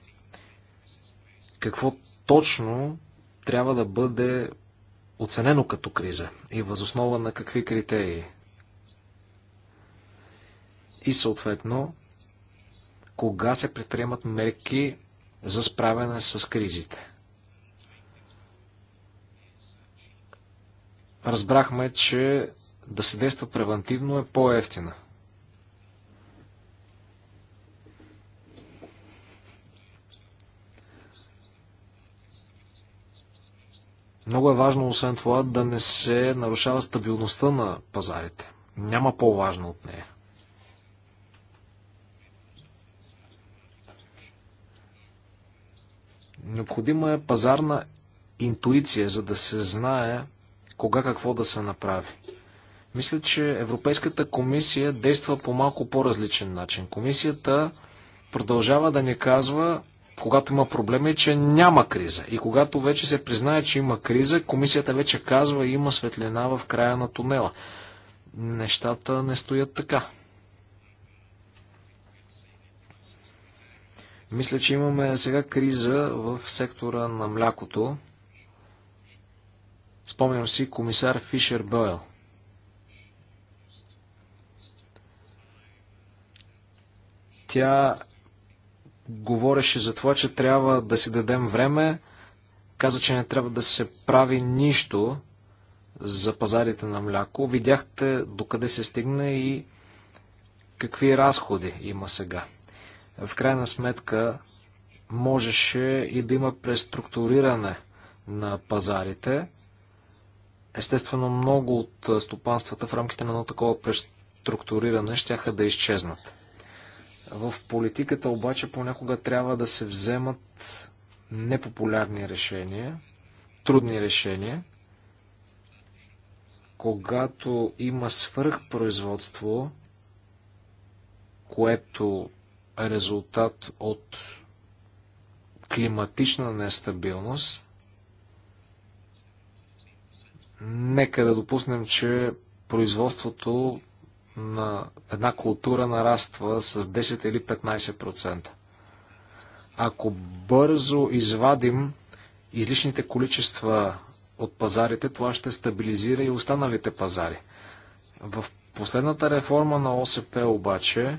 какво точно трябва да бъде оценено като криза и възоснова на какви критерии. И съответно, кога се предприемат мерки за справяне с кризите. Разбрахме, че да се действа превентивно е по-ефтина Много е важно, освен това, да не се нарушава стабилността на пазарите. Няма по-важно от нея. Необходима е пазарна интуиция, за да се знае кога какво да се направи. Мисля, че Европейската комисия действа по малко по-различен начин. Комисията продължава да ни казва когато има проблеми, че няма криза. И когато вече се признае, че има криза, комисията вече казва, има светлина в края на тунела. Нещата не стоят така. Мисля, че имаме сега криза в сектора на млякото. Спомням си комисар Фишер Бойл. Тя говореше за това, че трябва да си дадем време, каза, че не трябва да се прави нищо за пазарите на мляко. Видяхте докъде се стигна и какви разходи има сега. В крайна сметка можеше и да има преструктуриране на пазарите. Естествено, много от стопанствата в рамките на едно такова преструктуриране ще да изчезнат. В политиката обаче понякога трябва да се вземат непопулярни решения, трудни решения. Когато има свръхпроизводство, което е резултат от климатична нестабилност, нека да допуснем, че производството на една култура нараства с 10 или 15%. Ако бързо извадим излишните количества от пазарите, това ще стабилизира и останалите пазари. В последната реформа на ОСП обаче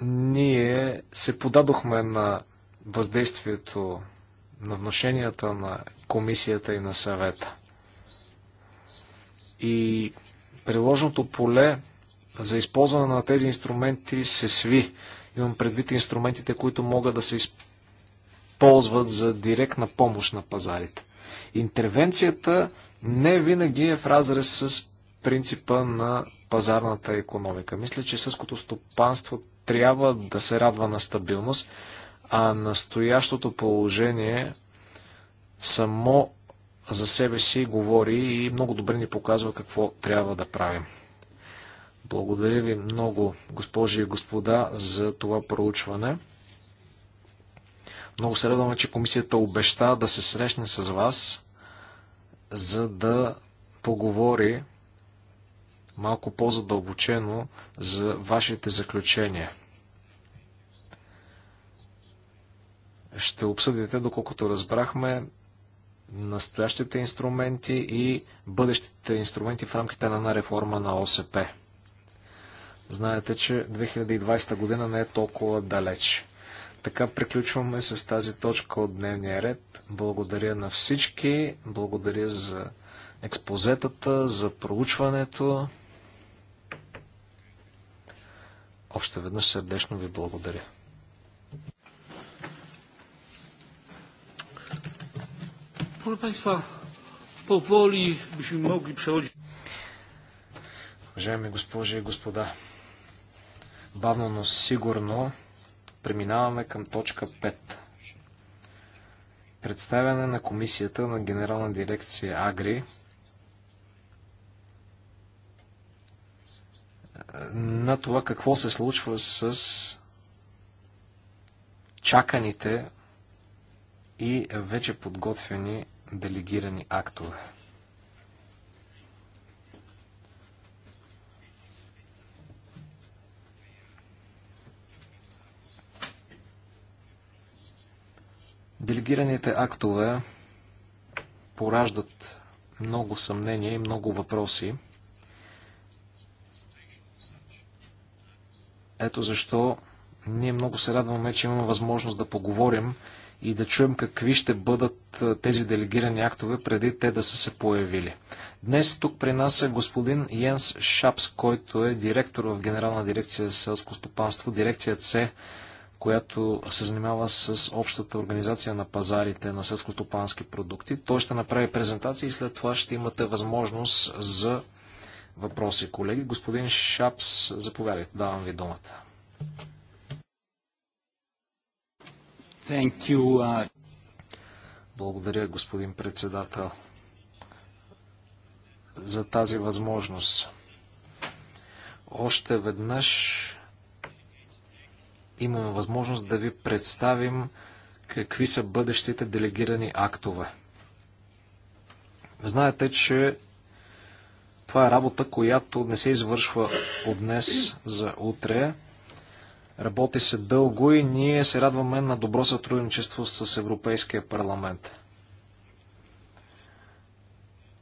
ние се подадохме на въздействието на вношенията на комисията и на съвета. И приложното поле за използване на тези инструменти се сви. Имам предвид инструментите, които могат да се използват за директна помощ на пазарите. Интервенцията не винаги е в разрез с принципа на пазарната економика. Мисля, че съското стопанство трябва да се радва на стабилност а настоящото положение само за себе си говори и много добре ни показва какво трябва да правим. Благодаря ви много, госпожи и господа, за това проучване. Много се радваме, че комисията обеща да се срещне с вас, за да поговори малко по-задълбочено за вашите заключения. ще обсъдите, доколкото разбрахме, настоящите инструменти и бъдещите инструменти в рамките на една реформа на ОСП. Знаете, че 2020 година не е толкова далеч. Така приключваме с тази точка от дневния ред. Благодаря на всички, благодаря за експозетата, за проучването. Още веднъж сърдечно ви благодаря. Proszę Państwa, powoli byśmy mogli przechodzić. Уважаеми госпожи и господа, бавно, но сигурно преминаваме към точка 5. Представяне на комисията на Генерална дирекция Агри на това какво се случва с чаканите и вече подготвени делегирани актове. Делегираните актове пораждат много съмнения и много въпроси. Ето защо ние много се радваме, че имаме възможност да поговорим и да чуем какви ще бъдат тези делегирани актове преди те да са се появили. Днес тук при нас е господин Йенс Шапс, който е директор в Генерална дирекция селско стопанство, дирекция С, която се занимава с общата организация на пазарите на сълско-стопански продукти. Той ще направи презентация и след това ще имате възможност за въпроси, колеги. Господин Шапс, заповядайте, давам ви думата. Uh, Благодаря, господин председател, за тази възможност. Още веднъж имаме възможност да ви представим какви са бъдещите делегирани актове. Знаете, че това е работа, която не се извършва от днес за утре. Работи се дълго и ние се радваме на добро сътрудничество с Европейския парламент.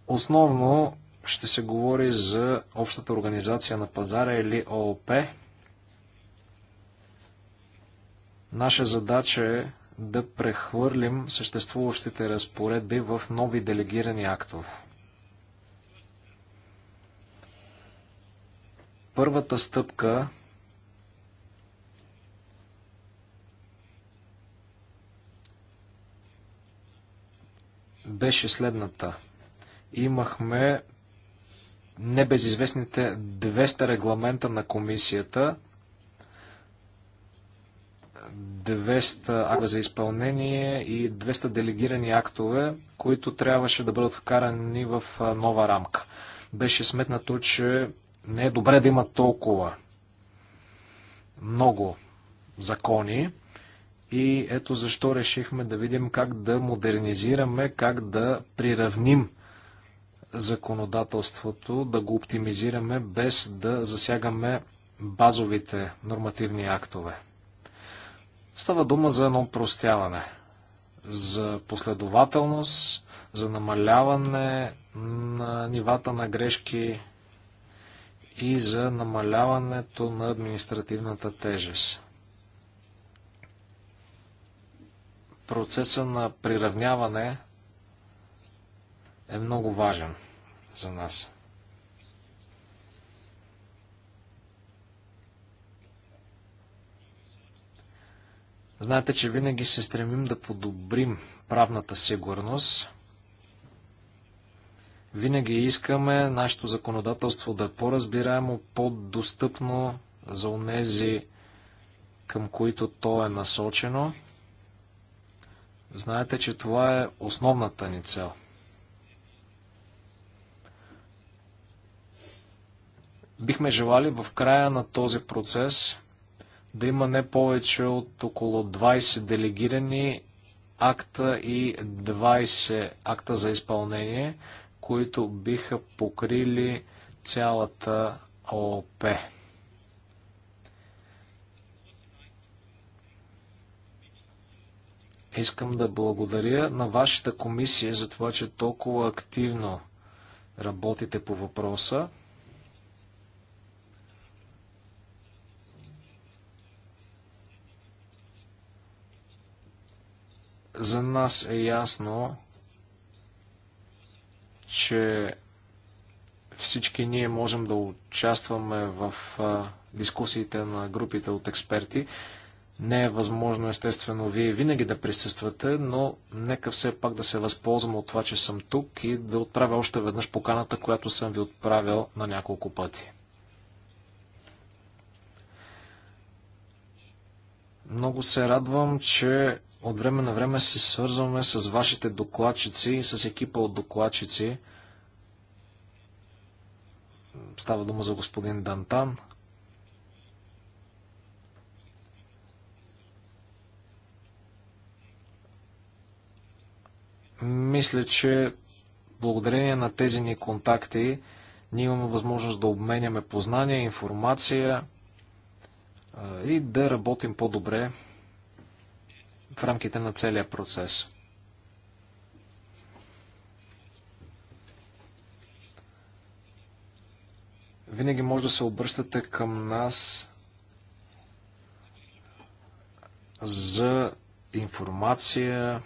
Основно ще се говори за общата организация на пазара или ООП. Наша задача е да прехвърлим съществуващите разпоредби в нови делегирани актове. Първата стъпка беше следната. Имахме небезизвестните 200 регламента на комисията, 200 акта за изпълнение и 200 делегирани актове, които трябваше да бъдат вкарани в нова рамка. Беше сметнато, че не е добре да има толкова много закони. И ето защо решихме да видим как да модернизираме, как да приравним законодателството, да го оптимизираме, без да засягаме базовите нормативни актове. Става дума за едно простяване, за последователност, за намаляване на нивата на грешки и за намаляването на административната тежест. Процеса на приравняване е много важен за нас. Знаете, че винаги се стремим да подобрим правната сигурност. Винаги искаме нашето законодателство да е по-разбираемо, по-достъпно за онези, към които то е насочено. Знаете, че това е основната ни цел. Бихме желали в края на този процес да има не повече от около 20 делегирани акта и 20 акта за изпълнение, които биха покрили цялата ООП. Искам да благодаря на вашата комисия за това, че толкова активно работите по въпроса. За нас е ясно, че всички ние можем да участваме в дискусиите на групите от експерти. Не е възможно, естествено, вие винаги да присъствате, но нека все пак да се възползвам от това, че съм тук и да отправя още веднъж поканата, която съм ви отправил на няколко пъти. Много се радвам, че от време на време се свързваме с вашите докладчици и с екипа от докладчици. Става дума за господин Дантан, Мисля, че благодарение на тези ни контакти ние имаме възможност да обменяме познания, информация и да работим по-добре в рамките на целия процес. Винаги може да се обръщате към нас за информация,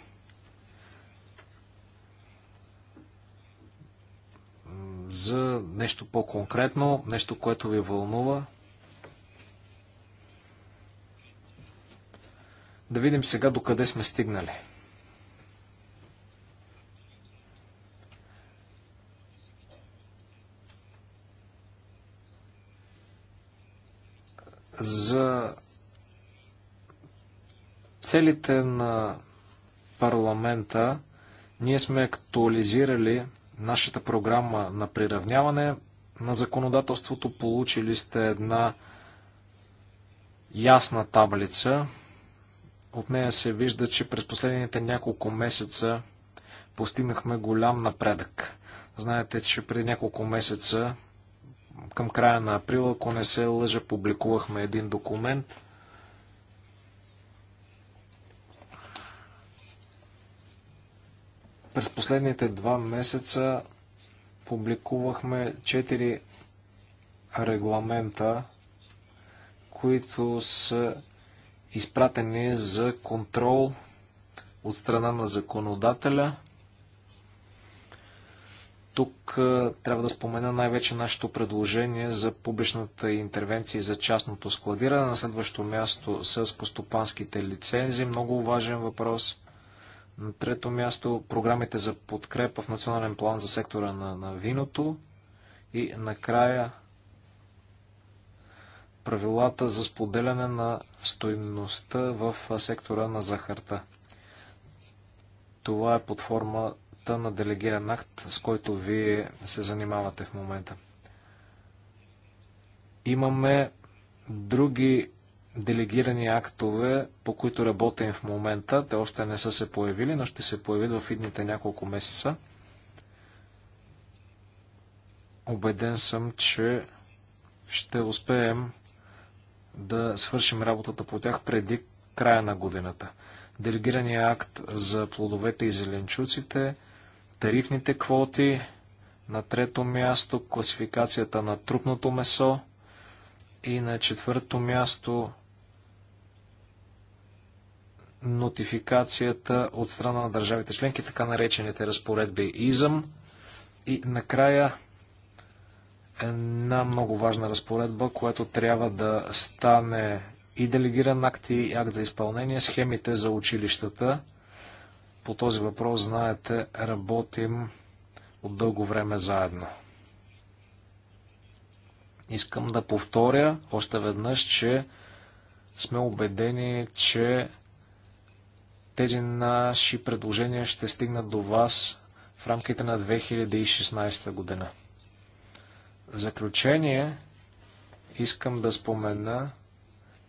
за нещо по-конкретно, нещо, което ви вълнува. Да видим сега докъде сме стигнали. За целите на парламента ние сме актуализирали нашата програма на приравняване на законодателството. Получили сте една ясна таблица. От нея се вижда, че през последните няколко месеца постигнахме голям напредък. Знаете, че преди няколко месеца, към края на април, ако не се лъжа, публикувахме един документ – През последните два месеца публикувахме четири регламента, които са изпратени за контрол от страна на законодателя. Тук трябва да спомена най-вече нашето предложение за публичната интервенция и за частното складиране. На следващо място с постопанските лицензи. Много важен въпрос. На трето място програмите за подкрепа в национален план за сектора на, на виното. И накрая правилата за споделяне на стоимостта в сектора на захарта. Това е под формата на делегиран акт, с който вие се занимавате в момента. Имаме други делегирани актове, по които работим в момента. Те още не са се появили, но ще се появят в идните няколко месеца. Обеден съм, че ще успеем да свършим работата по тях преди края на годината. Делегирания акт за плодовете и зеленчуците, тарифните квоти, на трето място класификацията на трупното месо, и на четвърто място нотификацията от страна на държавите членки, така наречените разпоредби ИЗъм. И накрая една много важна разпоредба, която трябва да стане и делегиран акт и акт за изпълнение, схемите за училищата. По този въпрос, знаете, работим от дълго време заедно. Искам да повторя още веднъж, че сме убедени, че тези наши предложения ще стигнат до вас в рамките на 2016 година. В заключение искам да спомена,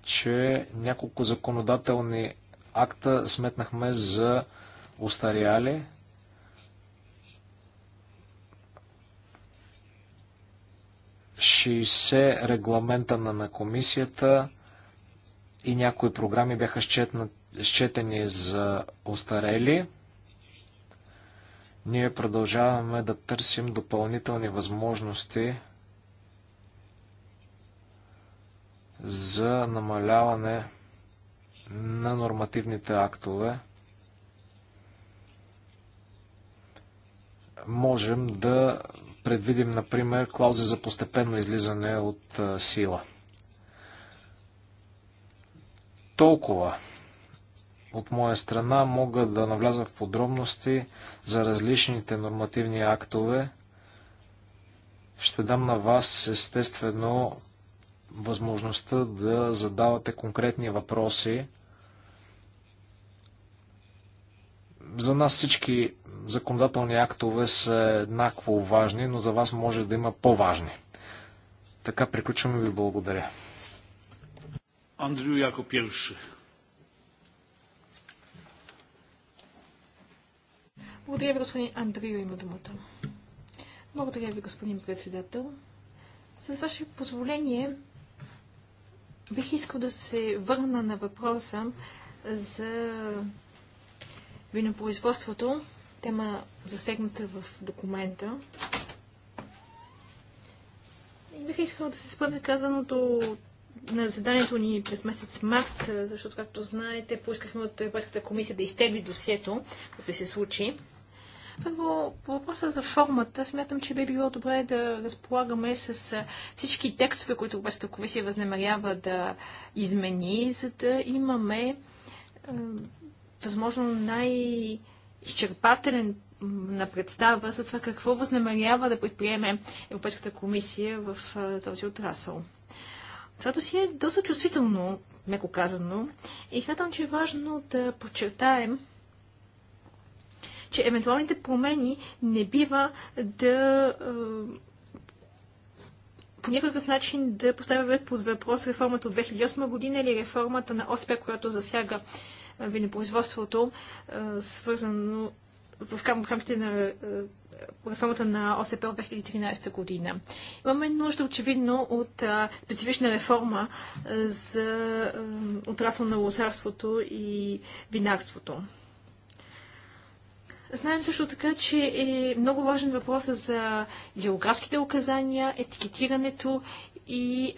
че няколко законодателни акта сметнахме за устаряли. 60 регламента на, на комисията и някои програми бяха счетени за устарели. Ние продължаваме да търсим допълнителни възможности за намаляване на нормативните актове. Можем да предвидим, например, клаузи за постепенно излизане от сила. Толкова от моя страна мога да навляза в подробности за различните нормативни актове. Ще дам на вас, естествено, възможността да задавате конкретни въпроси. За нас всички законодателни актове са еднакво важни, но за вас може да има по-важни. Така приключваме ви благодаря. Андрю Яко Пирши. Благодаря ви, господин Андрио, има думата. Благодаря ви, господин председател. С ваше позволение бих искал да се върна на въпроса за винопроизводството тема засегната в документа. И бих искала да се спъне казаното на заданието ни през месец март, защото, както знаете, поискахме от Европейската комисия да изтегли досието, което се случи. Първо, по въпроса за формата, смятам, че би било добре да разполагаме с всички текстове, които Европейската комисия възнамерява да измени, за да имаме възможно най- изчерпателен на представа за това какво възнамерява да предприеме Европейската комисия в този отрасъл. Това си е доста чувствително, меко казано, и смятам, че е важно да подчертаем, че евентуалните промени не бива да по някакъв начин да поставя под въпрос реформата от 2008 година или реформата на ОСП, която засяга винопроизводството, свързано в рамките на реформата на ОСП от 2013 година. Имаме нужда очевидно от специфична реформа за отрасъл на лозарството и винарството. Знаем също така, че е много важен въпрос за географските указания, етикетирането и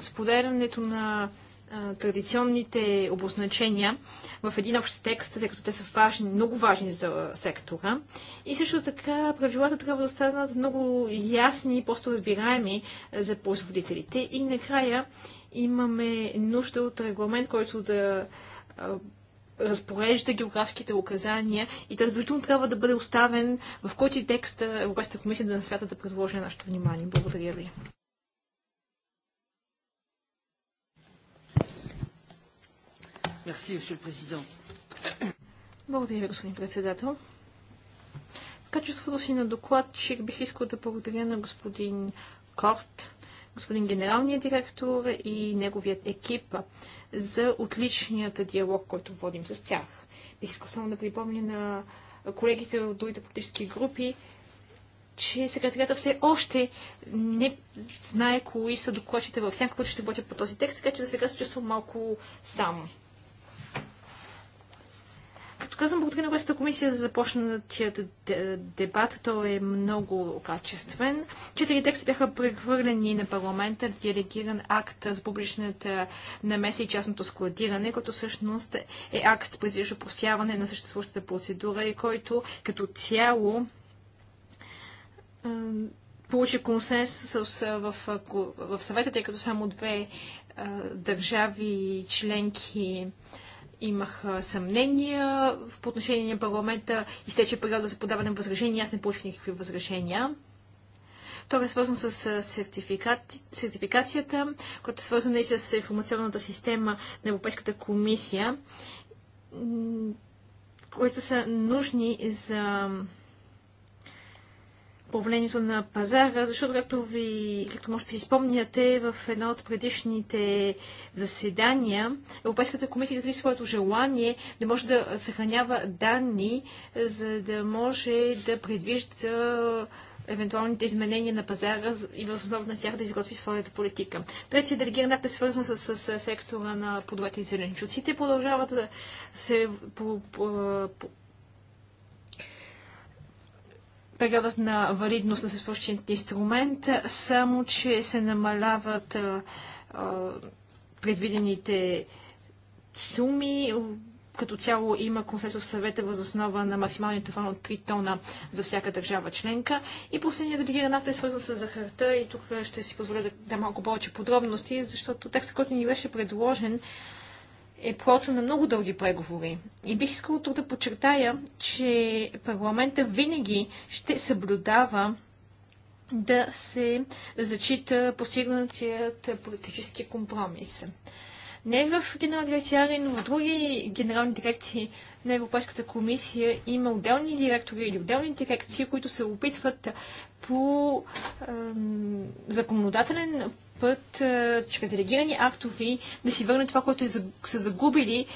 споделянето на традиционните обозначения в един общ текст, тъй като те са важни, много важни за сектора. И също така правилата трябва да станат много ясни и просто разбираеми за производителите. И накрая имаме нужда от регламент, който да разпорежда географските указания и тази задължително трябва да бъде оставен в който и текст Европейската комисия да смята да предложи на нашето внимание. Благодаря ви. Благодаря ви, господин председател. В качеството си на докладчик бих искал да благодаря на господин Корт, господин генералният директор и неговият екип за отличният диалог, който водим с тях. Бих искал само да припомня на колегите от другите политически групи, че секретарията все още не знае кои са докладчите във всяка път ще бъде по този текст, така че за сега се чувствам малко сам. Като казвам, благодаря на Гръцката комисия за започнатият дебат. Той е много качествен. Четири текста бяха прехвърлени на парламента, делегиран акт за публичната намеса и частното складиране, който всъщност е акт, предвижда просяване на съществуващата процедура и който като цяло получи консенсус в, в съвета, тъй като само две държави държави членки имах съмнения в отношение на парламента, изтече периода за подаване на възражения, аз не получих никакви възражения. Това е свързано с сертификат, сертификацията, която е свързана и с информационната система на Европейската комисия, които са нужни за повлението на пазара, защото, както, ви, както може би си спомняте, в едно от предишните заседания Европейската комисия изрази своето желание да може да съхранява данни, за да може да предвижда евентуалните изменения на пазара и възможно на тях да изготви своята политика. Третия делегиран акт е свързан с, с, с сектора на плодовете и зеленчуците. Продължават да се по, по, по, периодът на валидност на съсвършен инструмент, само че се намаляват а, а, предвидените суми. Като цяло има консенсус в съвета въз основа на максималния таван от 3 тона за всяка държава членка. И последният делегиран акт е свързан с захарта и тук ще си позволя да, да малко повече подробности, защото текстът, който ни беше предложен, е плод на много дълги преговори. И бих искала тук да подчертая, че парламента винаги ще съблюдава да се зачита постигнатият политически компромис. Не в генерал директори, но в други генерални дирекции на Европейската комисия има отделни директори или отделни дирекции, които се опитват по е, законодателен път, чрез делегирани актови, да си върне това, което е са загубили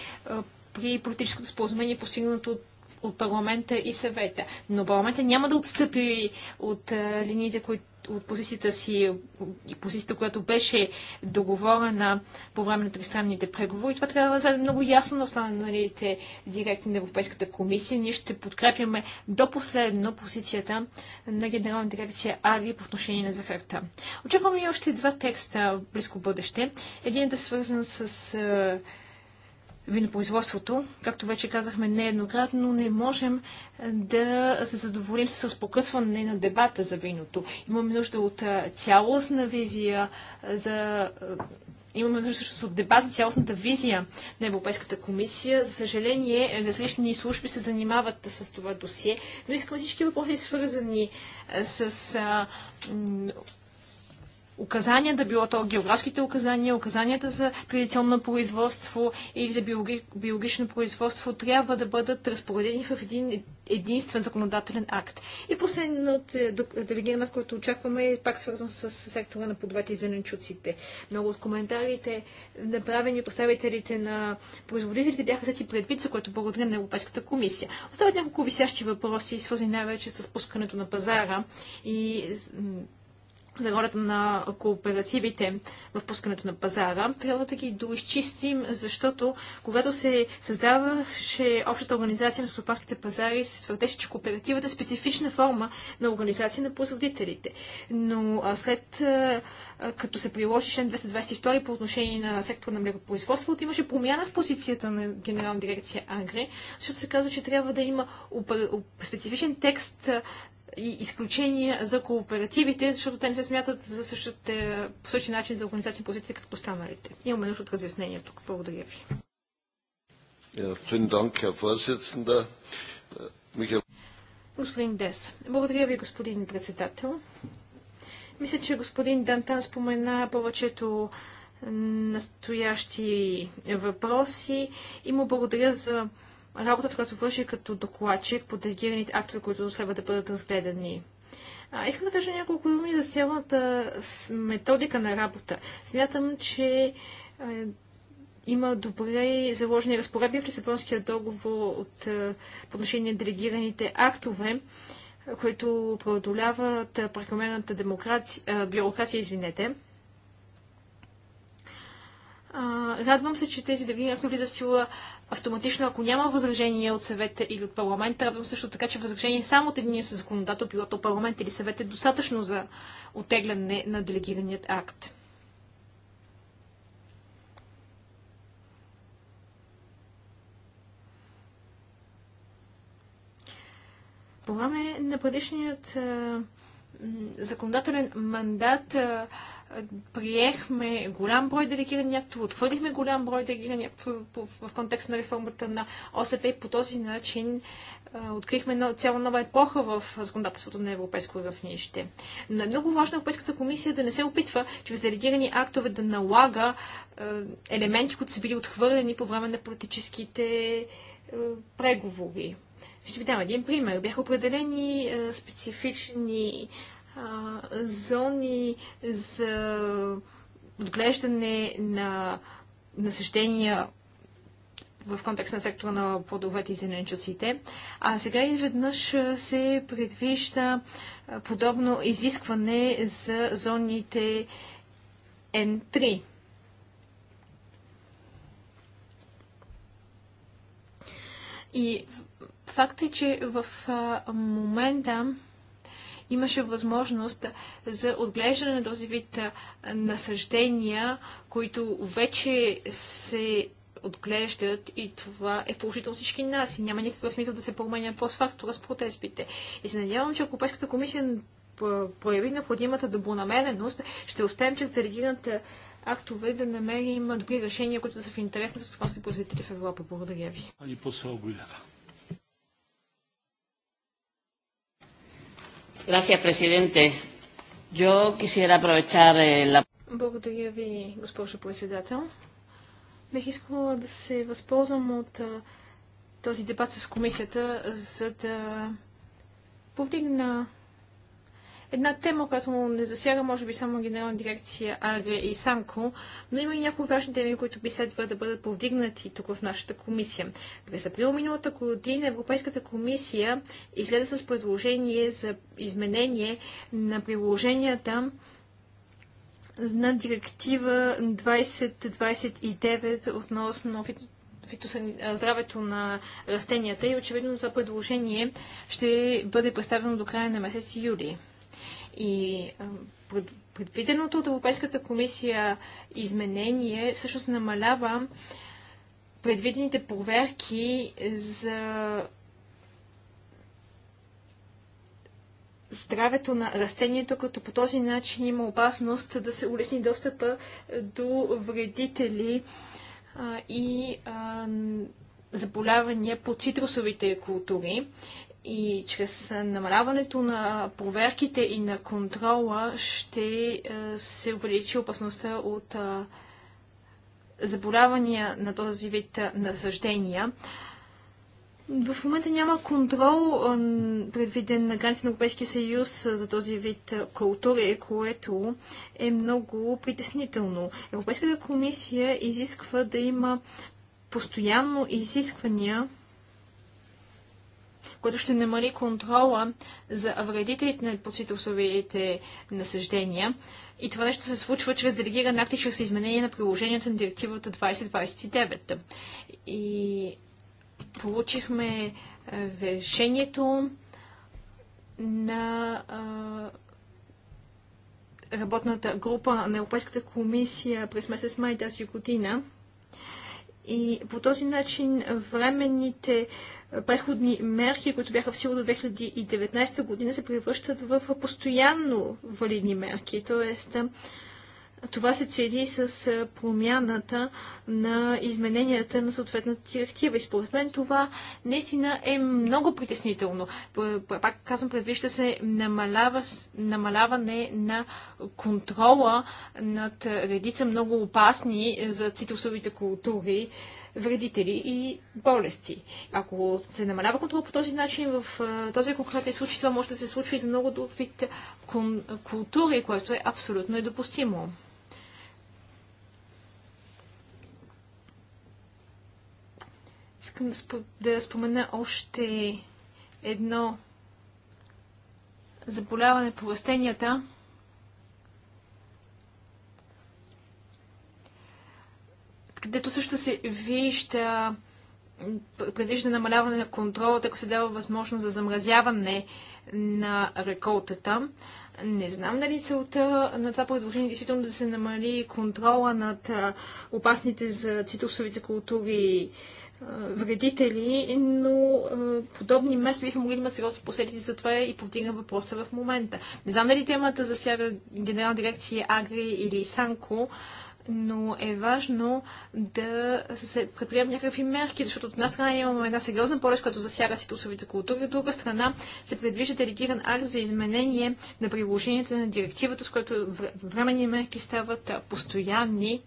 при политическото споразумение, постигнато от от парламента и съвета. Но парламента няма да отстъпи от линиите, които от позицията си и позицията, която беше договорена по време на тристранните преговори. Това трябва да бъде много ясно на останалите директи на Европейската комисия. Ние ще подкрепяме до последно позицията на Генерална дирекция АРИ по отношение на захарта. Очакваме и още два текста в близко бъдеще. Един е да свързан с винопроизводството. Както вече казахме нееднократно, не можем е, да се задоволим с покъсване на дебата за виното. Имаме нужда от е, цялостна визия е, за Имаме нужда също от дебат за цялостната визия на Европейската комисия. За съжаление, различни служби се занимават с това досие, но искаме всички въпроси, свързани с а, указания, да било то географските указания, указанията за традиционно производство или за биологично производство, трябва да бъдат разпоредени в един единствен законодателен акт. И последният е, делегирана, който очакваме, е пак свързан с сектора на подвете и зеленчуците. Много от коментарите, направени от представителите на производителите, бяха взети предвид, за което благодарим на Европейската комисия. Остават няколко висящи въпроси, свързани най-вече с пускането на пазара и за ролята на кооперативите в пускането на пазара, трябва да ги доизчистим, защото когато се създаваше общата организация на стопанските пазари, се твърдеше, че кооперативата е специфична форма на организация на производителите. Но след като се приложи член 222 по отношение на сектора на млекопроизводството, имаше промяна в позицията на генерална дирекция Ангри, защото се казва, че трябва да има специфичен текст изключение за кооперативите, защото те не се смятат за същите, по същия начин за организация производители, както останалите. Имаме нужда от разяснение тук. Благодаря ви. Äh, господин Дес. Благодаря ви, господин председател. Мисля, че господин Дантан спомена повечето настоящи въпроси и му благодаря за работата, която върши като докладчик по делегираните актове, които следва да бъдат разгледани. А, искам да кажа няколко думи за цялата методика на работа. Смятам, че е, има добре заложени разпоредби в Лисабонския договор от отношение на делегираните актове, които преодоляват прекомерната демокрация, бюрокрация, извинете. Радвам се, че тези директори влизат в сила автоматично, ако няма възражение от съвета или от парламента. Радвам също така, че възражение само от един със законодател, било то парламент или съвет, е достатъчно за отегляне на делегираният акт. По време на предишният законодателен мандат а, приехме голям брой делегирани актове, отхвърлихме голям брой делегирани актове в контекст на реформата на ОСП и по този начин открихме цяла нова епоха в законодателството на европейско равнище. Но е много важно Европейската комисия да не се опитва чрез делегирани актове да налага елементи, които са били отхвърлени по време на политическите преговори. Ще ви дам един пример. Бяха определени специфични а, зони за отглеждане на насъщения в контекст на сектора на плодовете и зеленчуците. А сега изведнъж се предвижда подобно изискване за зоните N3. И факт е, че в момента имаше възможност за отглеждане на този вид насъждения, които вече се отглеждат и това е положително всички нас и няма никакъв смисъл да се променя по постфактора с протестите. И се надявам, че Европейската комисия прояви необходимата добронамереност, ще успеем чрез делегираната актове да намерим добри решения, които са в интерес на стопанските производители в Европа. Благодаря ви. Ани Gracias, presidente. Yo quisiera aprovechar eh, la... Благодаря ви, госпожо председател. Бих искала да се възползвам от този дебат с комисията, за да повдигна една тема, която му не засяга, може би само генерална дирекция Агре и САНКО, но има и някои важни теми, които би следва да бъдат повдигнати тук в нашата комисия. През април миналата година Европейската комисия изгледа с предложение за изменение на приложенията на директива 2029 относно здравето на растенията и очевидно това предложение ще бъде представено до края на месец юли. И предвиденото от Европейската комисия изменение всъщност намалява предвидените проверки за здравето на растението, като по този начин има опасност да се улесни достъпа е, до вредители и заболявания по цитрусовите култури и чрез намаляването на проверките и на контрола ще е, се увеличи опасността от е, заболявания на този вид е, насъждения. В момента няма контрол предвиден на границите на Европейския съюз за този вид култури, което е много притеснително. Европейската комисия изисква да има постоянно изисквания което ще намали контрола за вредителите на подситосовите насъждения. И това нещо се случва чрез делегиран акт и чрез изменение на приложението на директивата 2029. И получихме решението на работната група на Европейската комисия през месец май тази година. И по този начин временните преходни мерки, които бяха в сила до 2019 година, се превръщат в постоянно валидни мерки. Тоест, това се цели с промяната на измененията на съответната директива. И според мен това наистина е много притеснително. Пак казвам, предвижда се намалява, намаляване на контрола над редица много опасни за цитусовите култури вредители и болести. Ако се намалява контрол по този начин, в този конкретен случай това може да се случи и за много друг вид култури, което е абсолютно недопустимо. Искам да, да спомена още едно заболяване по растенията, където също се вижда предвижда намаляване на контрола, ако се дава възможност за замразяване на реколтата. Не знам дали целта на това предложение действително да се намали контрола над опасните за цитрусовите култури вредители, но подобни мерки биха могли да имат сериозни последици, това и повдигна въпроса в момента. Не знам дали темата засяга генерална дирекция Агри или Санко, но е важно да се предприемат някакви мерки, защото от една страна имаме една сериозна болест, която засяга ситусовите култури, от друга страна се предвижда делегиран акт за изменение на приложението на директивата, с което временни мерки стават постоянни,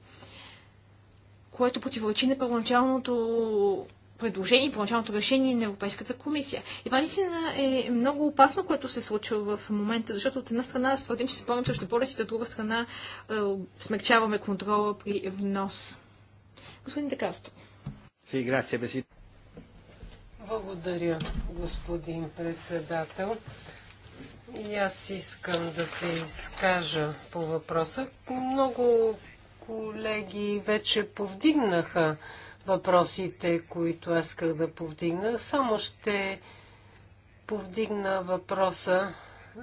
което противоречи на първоначалното предложение, първоначалното решение на Европейската комисия. И това наистина е много опасно, което се случва в момента, защото от една страна твърдим, че се борим срещу болестите, от друга страна е, смягчаваме контрола при внос. Господин Декасто. Благодаря, господин председател. И аз искам да се изкажа по въпроса. Много колеги вече повдигнаха въпросите, които аз исках да повдигна. Само ще повдигна въпроса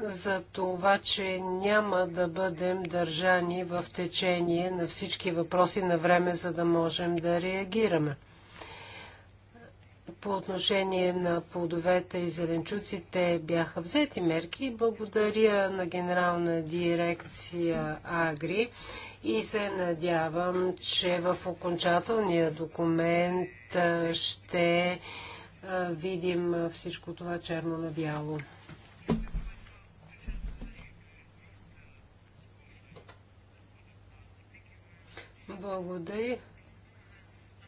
за това, че няма да бъдем държани в течение на всички въпроси на време, за да можем да реагираме. По отношение на плодовете и зеленчуците бяха взети мерки. Благодаря на генерална дирекция Агри и се надявам, че в окончателния документ ще видим всичко това черно на бяло. Благодаря.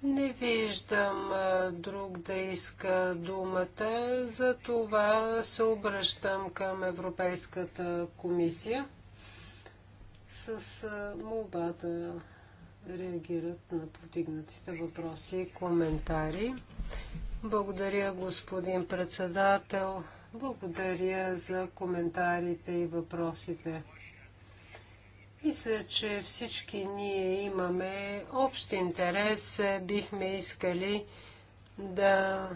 Не виждам друг да иска думата, за това се обръщам към Европейската комисия с молба да реагират на повдигнатите въпроси и коментари. Благодаря, господин председател. Благодаря за коментарите и въпросите. Мисля, че всички ние имаме общ интерес. Бихме искали да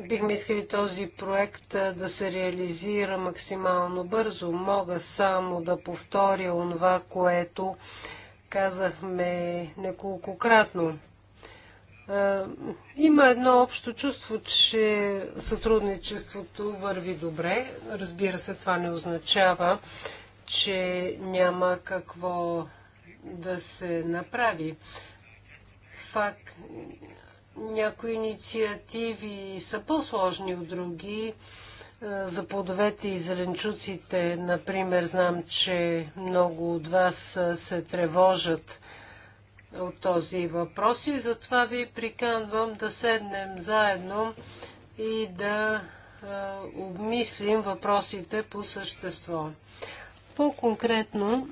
Бихме искали този проект да се реализира максимално бързо. Мога само да повторя онова, което казахме неколкократно. Има едно общо чувство, че сътрудничеството върви добре. Разбира се, това не означава, че няма какво да се направи. Факт, някои инициативи са по-сложни от други. Е, за плодовете и зеленчуците, например, знам, че много от вас се тревожат от този въпрос и затова ви приканвам да седнем заедно и да е, обмислим въпросите по същество. По-конкретно,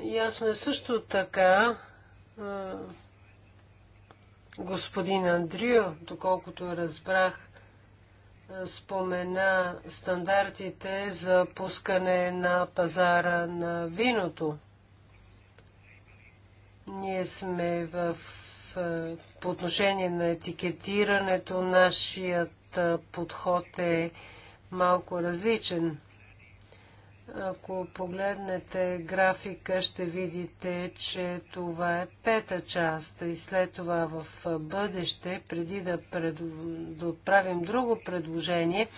ясно е също така, е, господин Андрио, доколкото разбрах, е, спомена стандартите за пускане на пазара на виното. Ние сме в, е, по отношение на етикетирането, нашият подход е малко различен. Ако погледнете графика, ще видите, че това е пета част и след това в бъдеще, преди да, пред... да отправим друго предложение,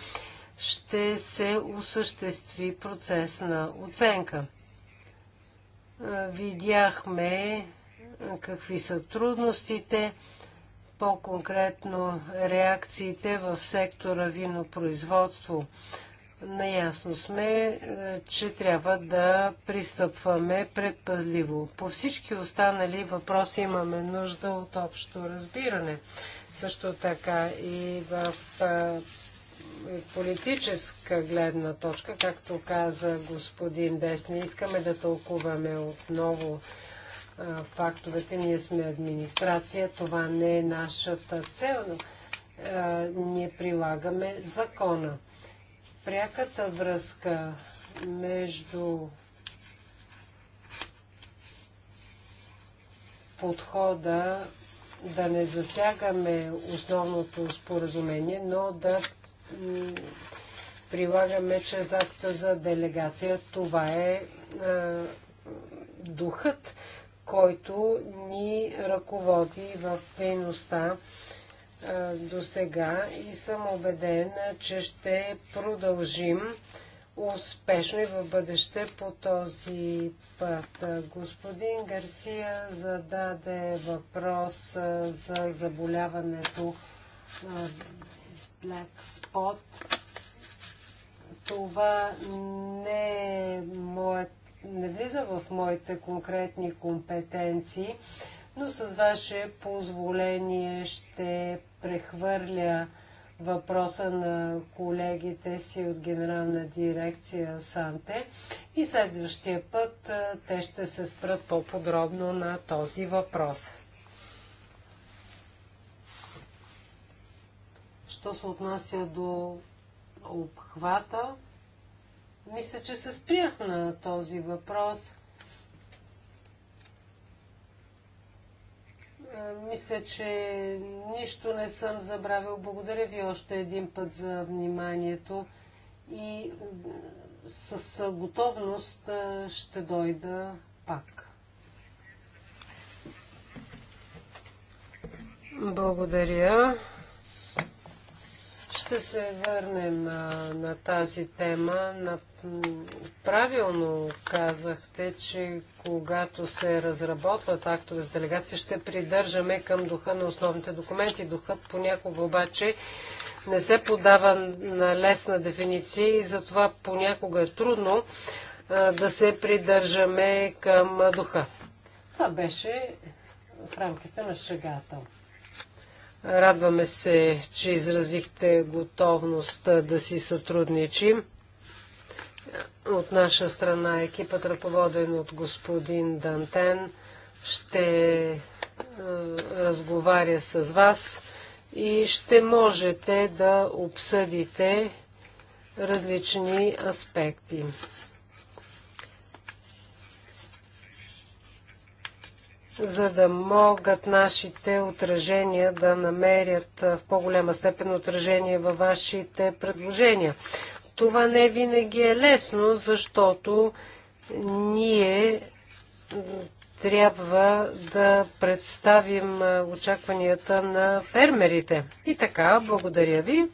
ще се осъществи процес на оценка. Видяхме какви са трудностите, по-конкретно реакциите в сектора винопроизводство. Наясно сме, е, че трябва да пристъпваме предпазливо. По всички останали въпроси имаме нужда от общо разбиране. Също така и в е, политическа гледна точка, както каза господин Десни, искаме да тълкуваме отново е, фактовете. Ние сме администрация, това не е нашата цел. ние прилагаме закона пряката връзка между подхода да не засягаме основното споразумение, но да прилагаме чрез акта за делегация. Това е, е духът, който ни ръководи в дейността до сега и съм убеден, че ще продължим успешно и в бъдеще по този път. Господин Гарсия зададе въпрос за заболяването Black Spot. Това не, е моят, не влиза в моите конкретни компетенции но с ваше позволение ще прехвърля въпроса на колегите си от Генерална дирекция Санте и следващия път те ще се спрат по-подробно на този въпрос. Що се отнася до обхвата, мисля, че се спрях на този въпрос – Мисля, че нищо не съм забравил. Благодаря ви още един път за вниманието и с готовност ще дойда пак. Благодаря. Ще се върнем на тази тема на правилно казахте, че когато се разработват актове с делегация, ще придържаме към духа на основните документи. Духът понякога обаче не се подава на лесна дефиниция и затова понякога е трудно да се придържаме към духа. Това беше в рамките на шегата. Радваме се, че изразихте готовност да си сътрудничим. От наша страна екипът, ръководен от господин Дантен, ще разговаря с вас и ще можете да обсъдите различни аспекти. за да могат нашите отражения да намерят в по-голяма степен отражение във вашите предложения. Това не винаги е лесно, защото ние трябва да представим очакванията на фермерите. И така, благодаря ви.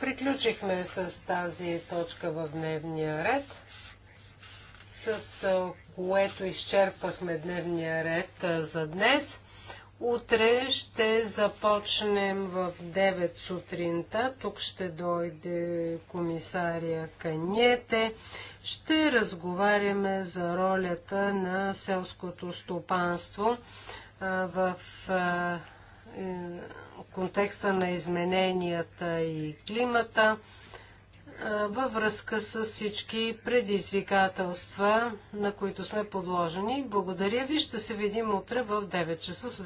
Приключихме с тази точка в дневния ред, с което изчерпахме дневния ред за днес. Утре ще започнем в 9 сутринта. Тук ще дойде комисария Каньете. Ще разговаряме за ролята на селското стопанство в е, контекста на измененията и климата във връзка с всички предизвикателства, на които сме подложени. Благодаря ви. Ще се видим утре в 9 часа.